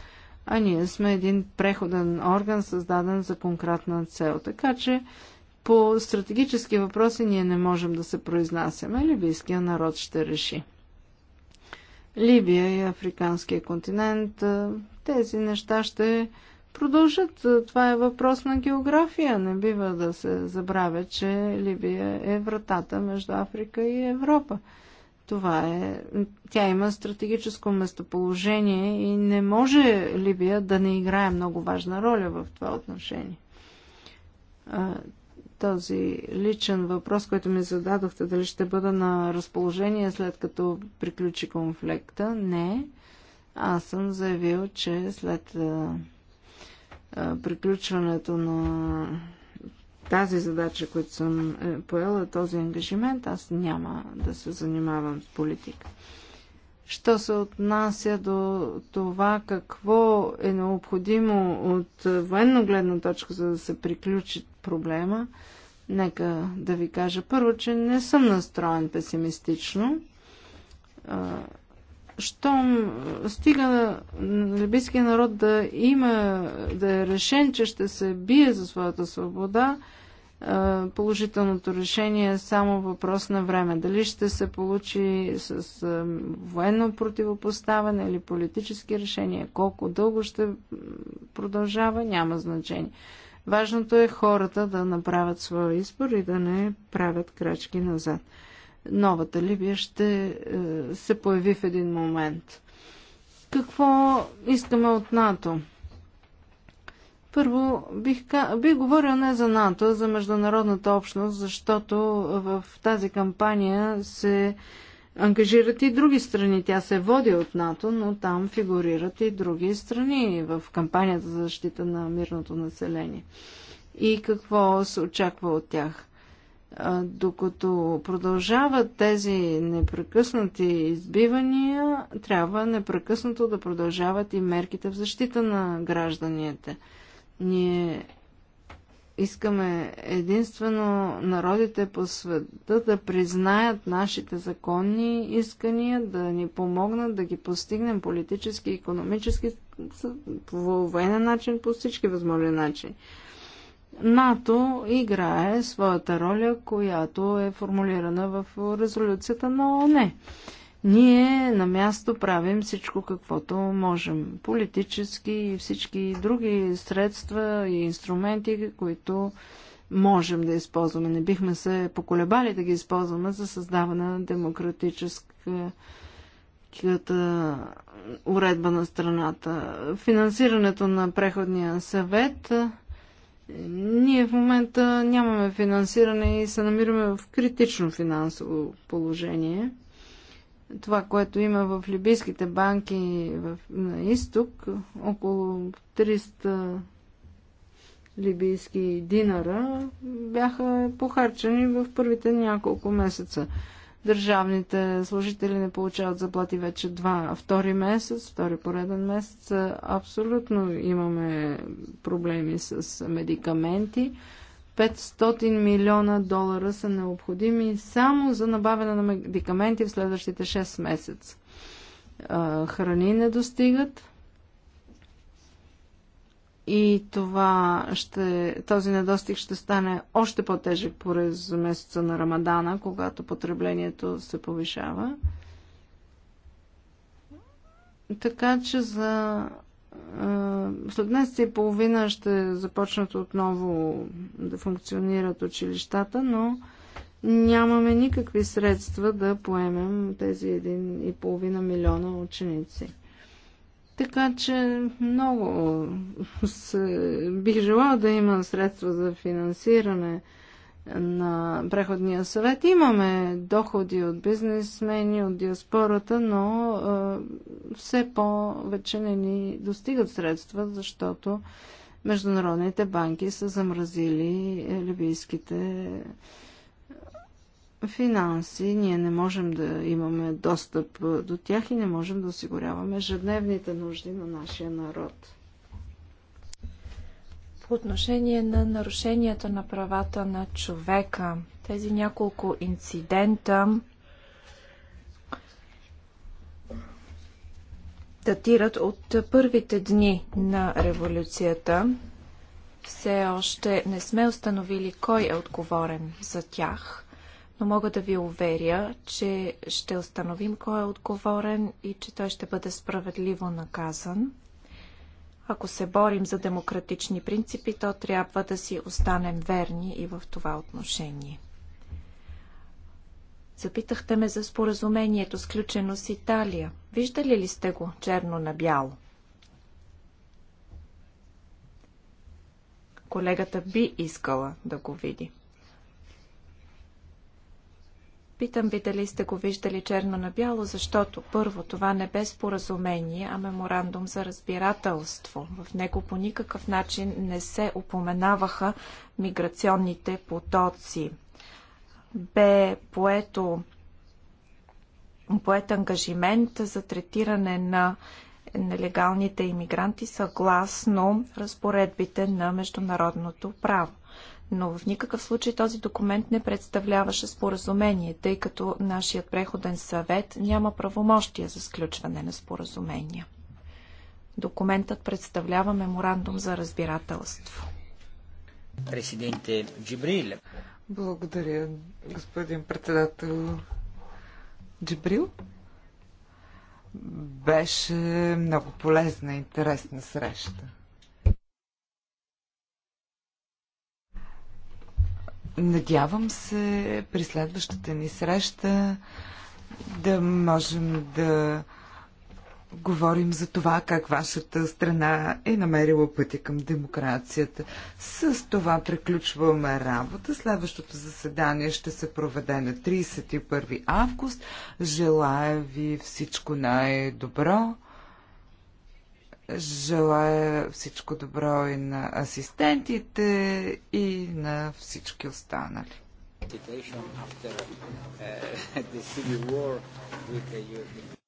А ние сме един преходен орган, създаден за конкретна цел. Така че по стратегически въпроси ние не можем да се произнасяме. Либийския народ ще реши. Либия и Африканския континент, тези неща ще продължат. Това е въпрос на география. Не бива да се забравя, че Либия е вратата между Африка и Европа. Това е. Тя има стратегическо местоположение и не може Либия да не играе много важна роля в това отношение. Този личен въпрос, който ми зададохте, дали ще бъда на разположение след като приключи конфликта, не. Аз съм заявил, че след приключването на тази задача, която съм е, поела, този ангажимент, аз няма да се занимавам с политика. Що се отнася до това какво е необходимо от военно гледна точка, за да се приключи проблема, нека да ви кажа първо, че не съм настроен песимистично щом стига либийския народ да има, да е решен, че ще се бие за своята свобода, положителното решение е само въпрос на време. Дали ще се получи с военно противопоставане или политически решения, колко дълго ще продължава, няма значение. Важното е хората да направят своя избор и да не правят крачки назад новата Либия ще е, се появи в един момент. Какво искаме от НАТО? Първо, бих, бих говорил не за НАТО, а за международната общност, защото в тази кампания се ангажират и други страни. Тя се води от НАТО, но там фигурират и други страни в кампанията за защита на мирното население. И какво се очаква от тях? докато продължават тези непрекъснати избивания, трябва непрекъснато да продължават и мерките в защита на гражданите. Ние искаме единствено народите по света да признаят нашите законни искания, да ни помогнат да ги постигнем политически, економически, по военен начин, по всички възможни начини. НАТО играе своята роля, която е формулирана в резолюцията на ОНЕ. Ние на място правим всичко каквото можем. Политически и всички други средства и инструменти, които можем да използваме. Не бихме се поколебали да ги използваме за създаване на демократическа уредба на страната. Финансирането на преходния съвет ние в момента нямаме финансиране и се намираме в критично финансово положение. Това, което има в либийските банки в, на изток, около 300 либийски динара, бяха похарчени в първите няколко месеца. Държавните служители не получават заплати вече два, втори месец, втори пореден месец. Абсолютно имаме проблеми с медикаменти. 500 милиона долара са необходими само за набавяне на медикаменти в следващите 6 месеца. Храни не достигат и това ще, този недостиг ще стане още по-тежък порез месеца на Рамадана, когато потреблението се повишава. Така че за след месец и половина ще започнат отново да функционират училищата, но нямаме никакви средства да поемем тези 1,5 милиона ученици. Така че много се, бих желала да има средства за финансиране на преходния съвет. Имаме доходи от бизнесмени, от диаспората, но е, все повече не ни достигат средства, защото международните банки са замразили либийските финанси, ние не можем да имаме достъп до тях и не можем да осигуряваме ежедневните нужди на нашия народ. По отношение на нарушенията на правата на човека, тези няколко инцидента датират от първите дни на революцията. Все още не сме установили кой е отговорен за тях но мога да ви уверя, че ще установим кой е отговорен и че той ще бъде справедливо наказан. Ако се борим за демократични принципи, то трябва да си останем верни и в това отношение. Запитахте ме за споразумението, сключено с Италия. Виждали ли сте го черно на бяло? Колегата би искала да го види. Питам ви дали сте го виждали черно на бяло, защото първо това не бе споразумение, а меморандум за разбирателство. В него по никакъв начин не се упоменаваха миграционните потоци. Бе поето поет ангажимент за третиране на нелегалните иммигранти съгласно разпоредбите на международното право но в никакъв случай този документ не представляваше споразумение, тъй като нашият преходен съвет няма правомощия за сключване на споразумения. Документът представлява меморандум за разбирателство. Президенте Джибрил. Благодаря, господин председател. Джибрил? Беше много полезна и интересна среща. Надявам се при следващата ни среща да можем да говорим за това как вашата страна е намерила пътя към демокрацията. С това приключваме работа. Следващото заседание ще се проведе на 31 август. Желая ви всичко най-добро. Желая всичко добро и на асистентите, и на всички останали.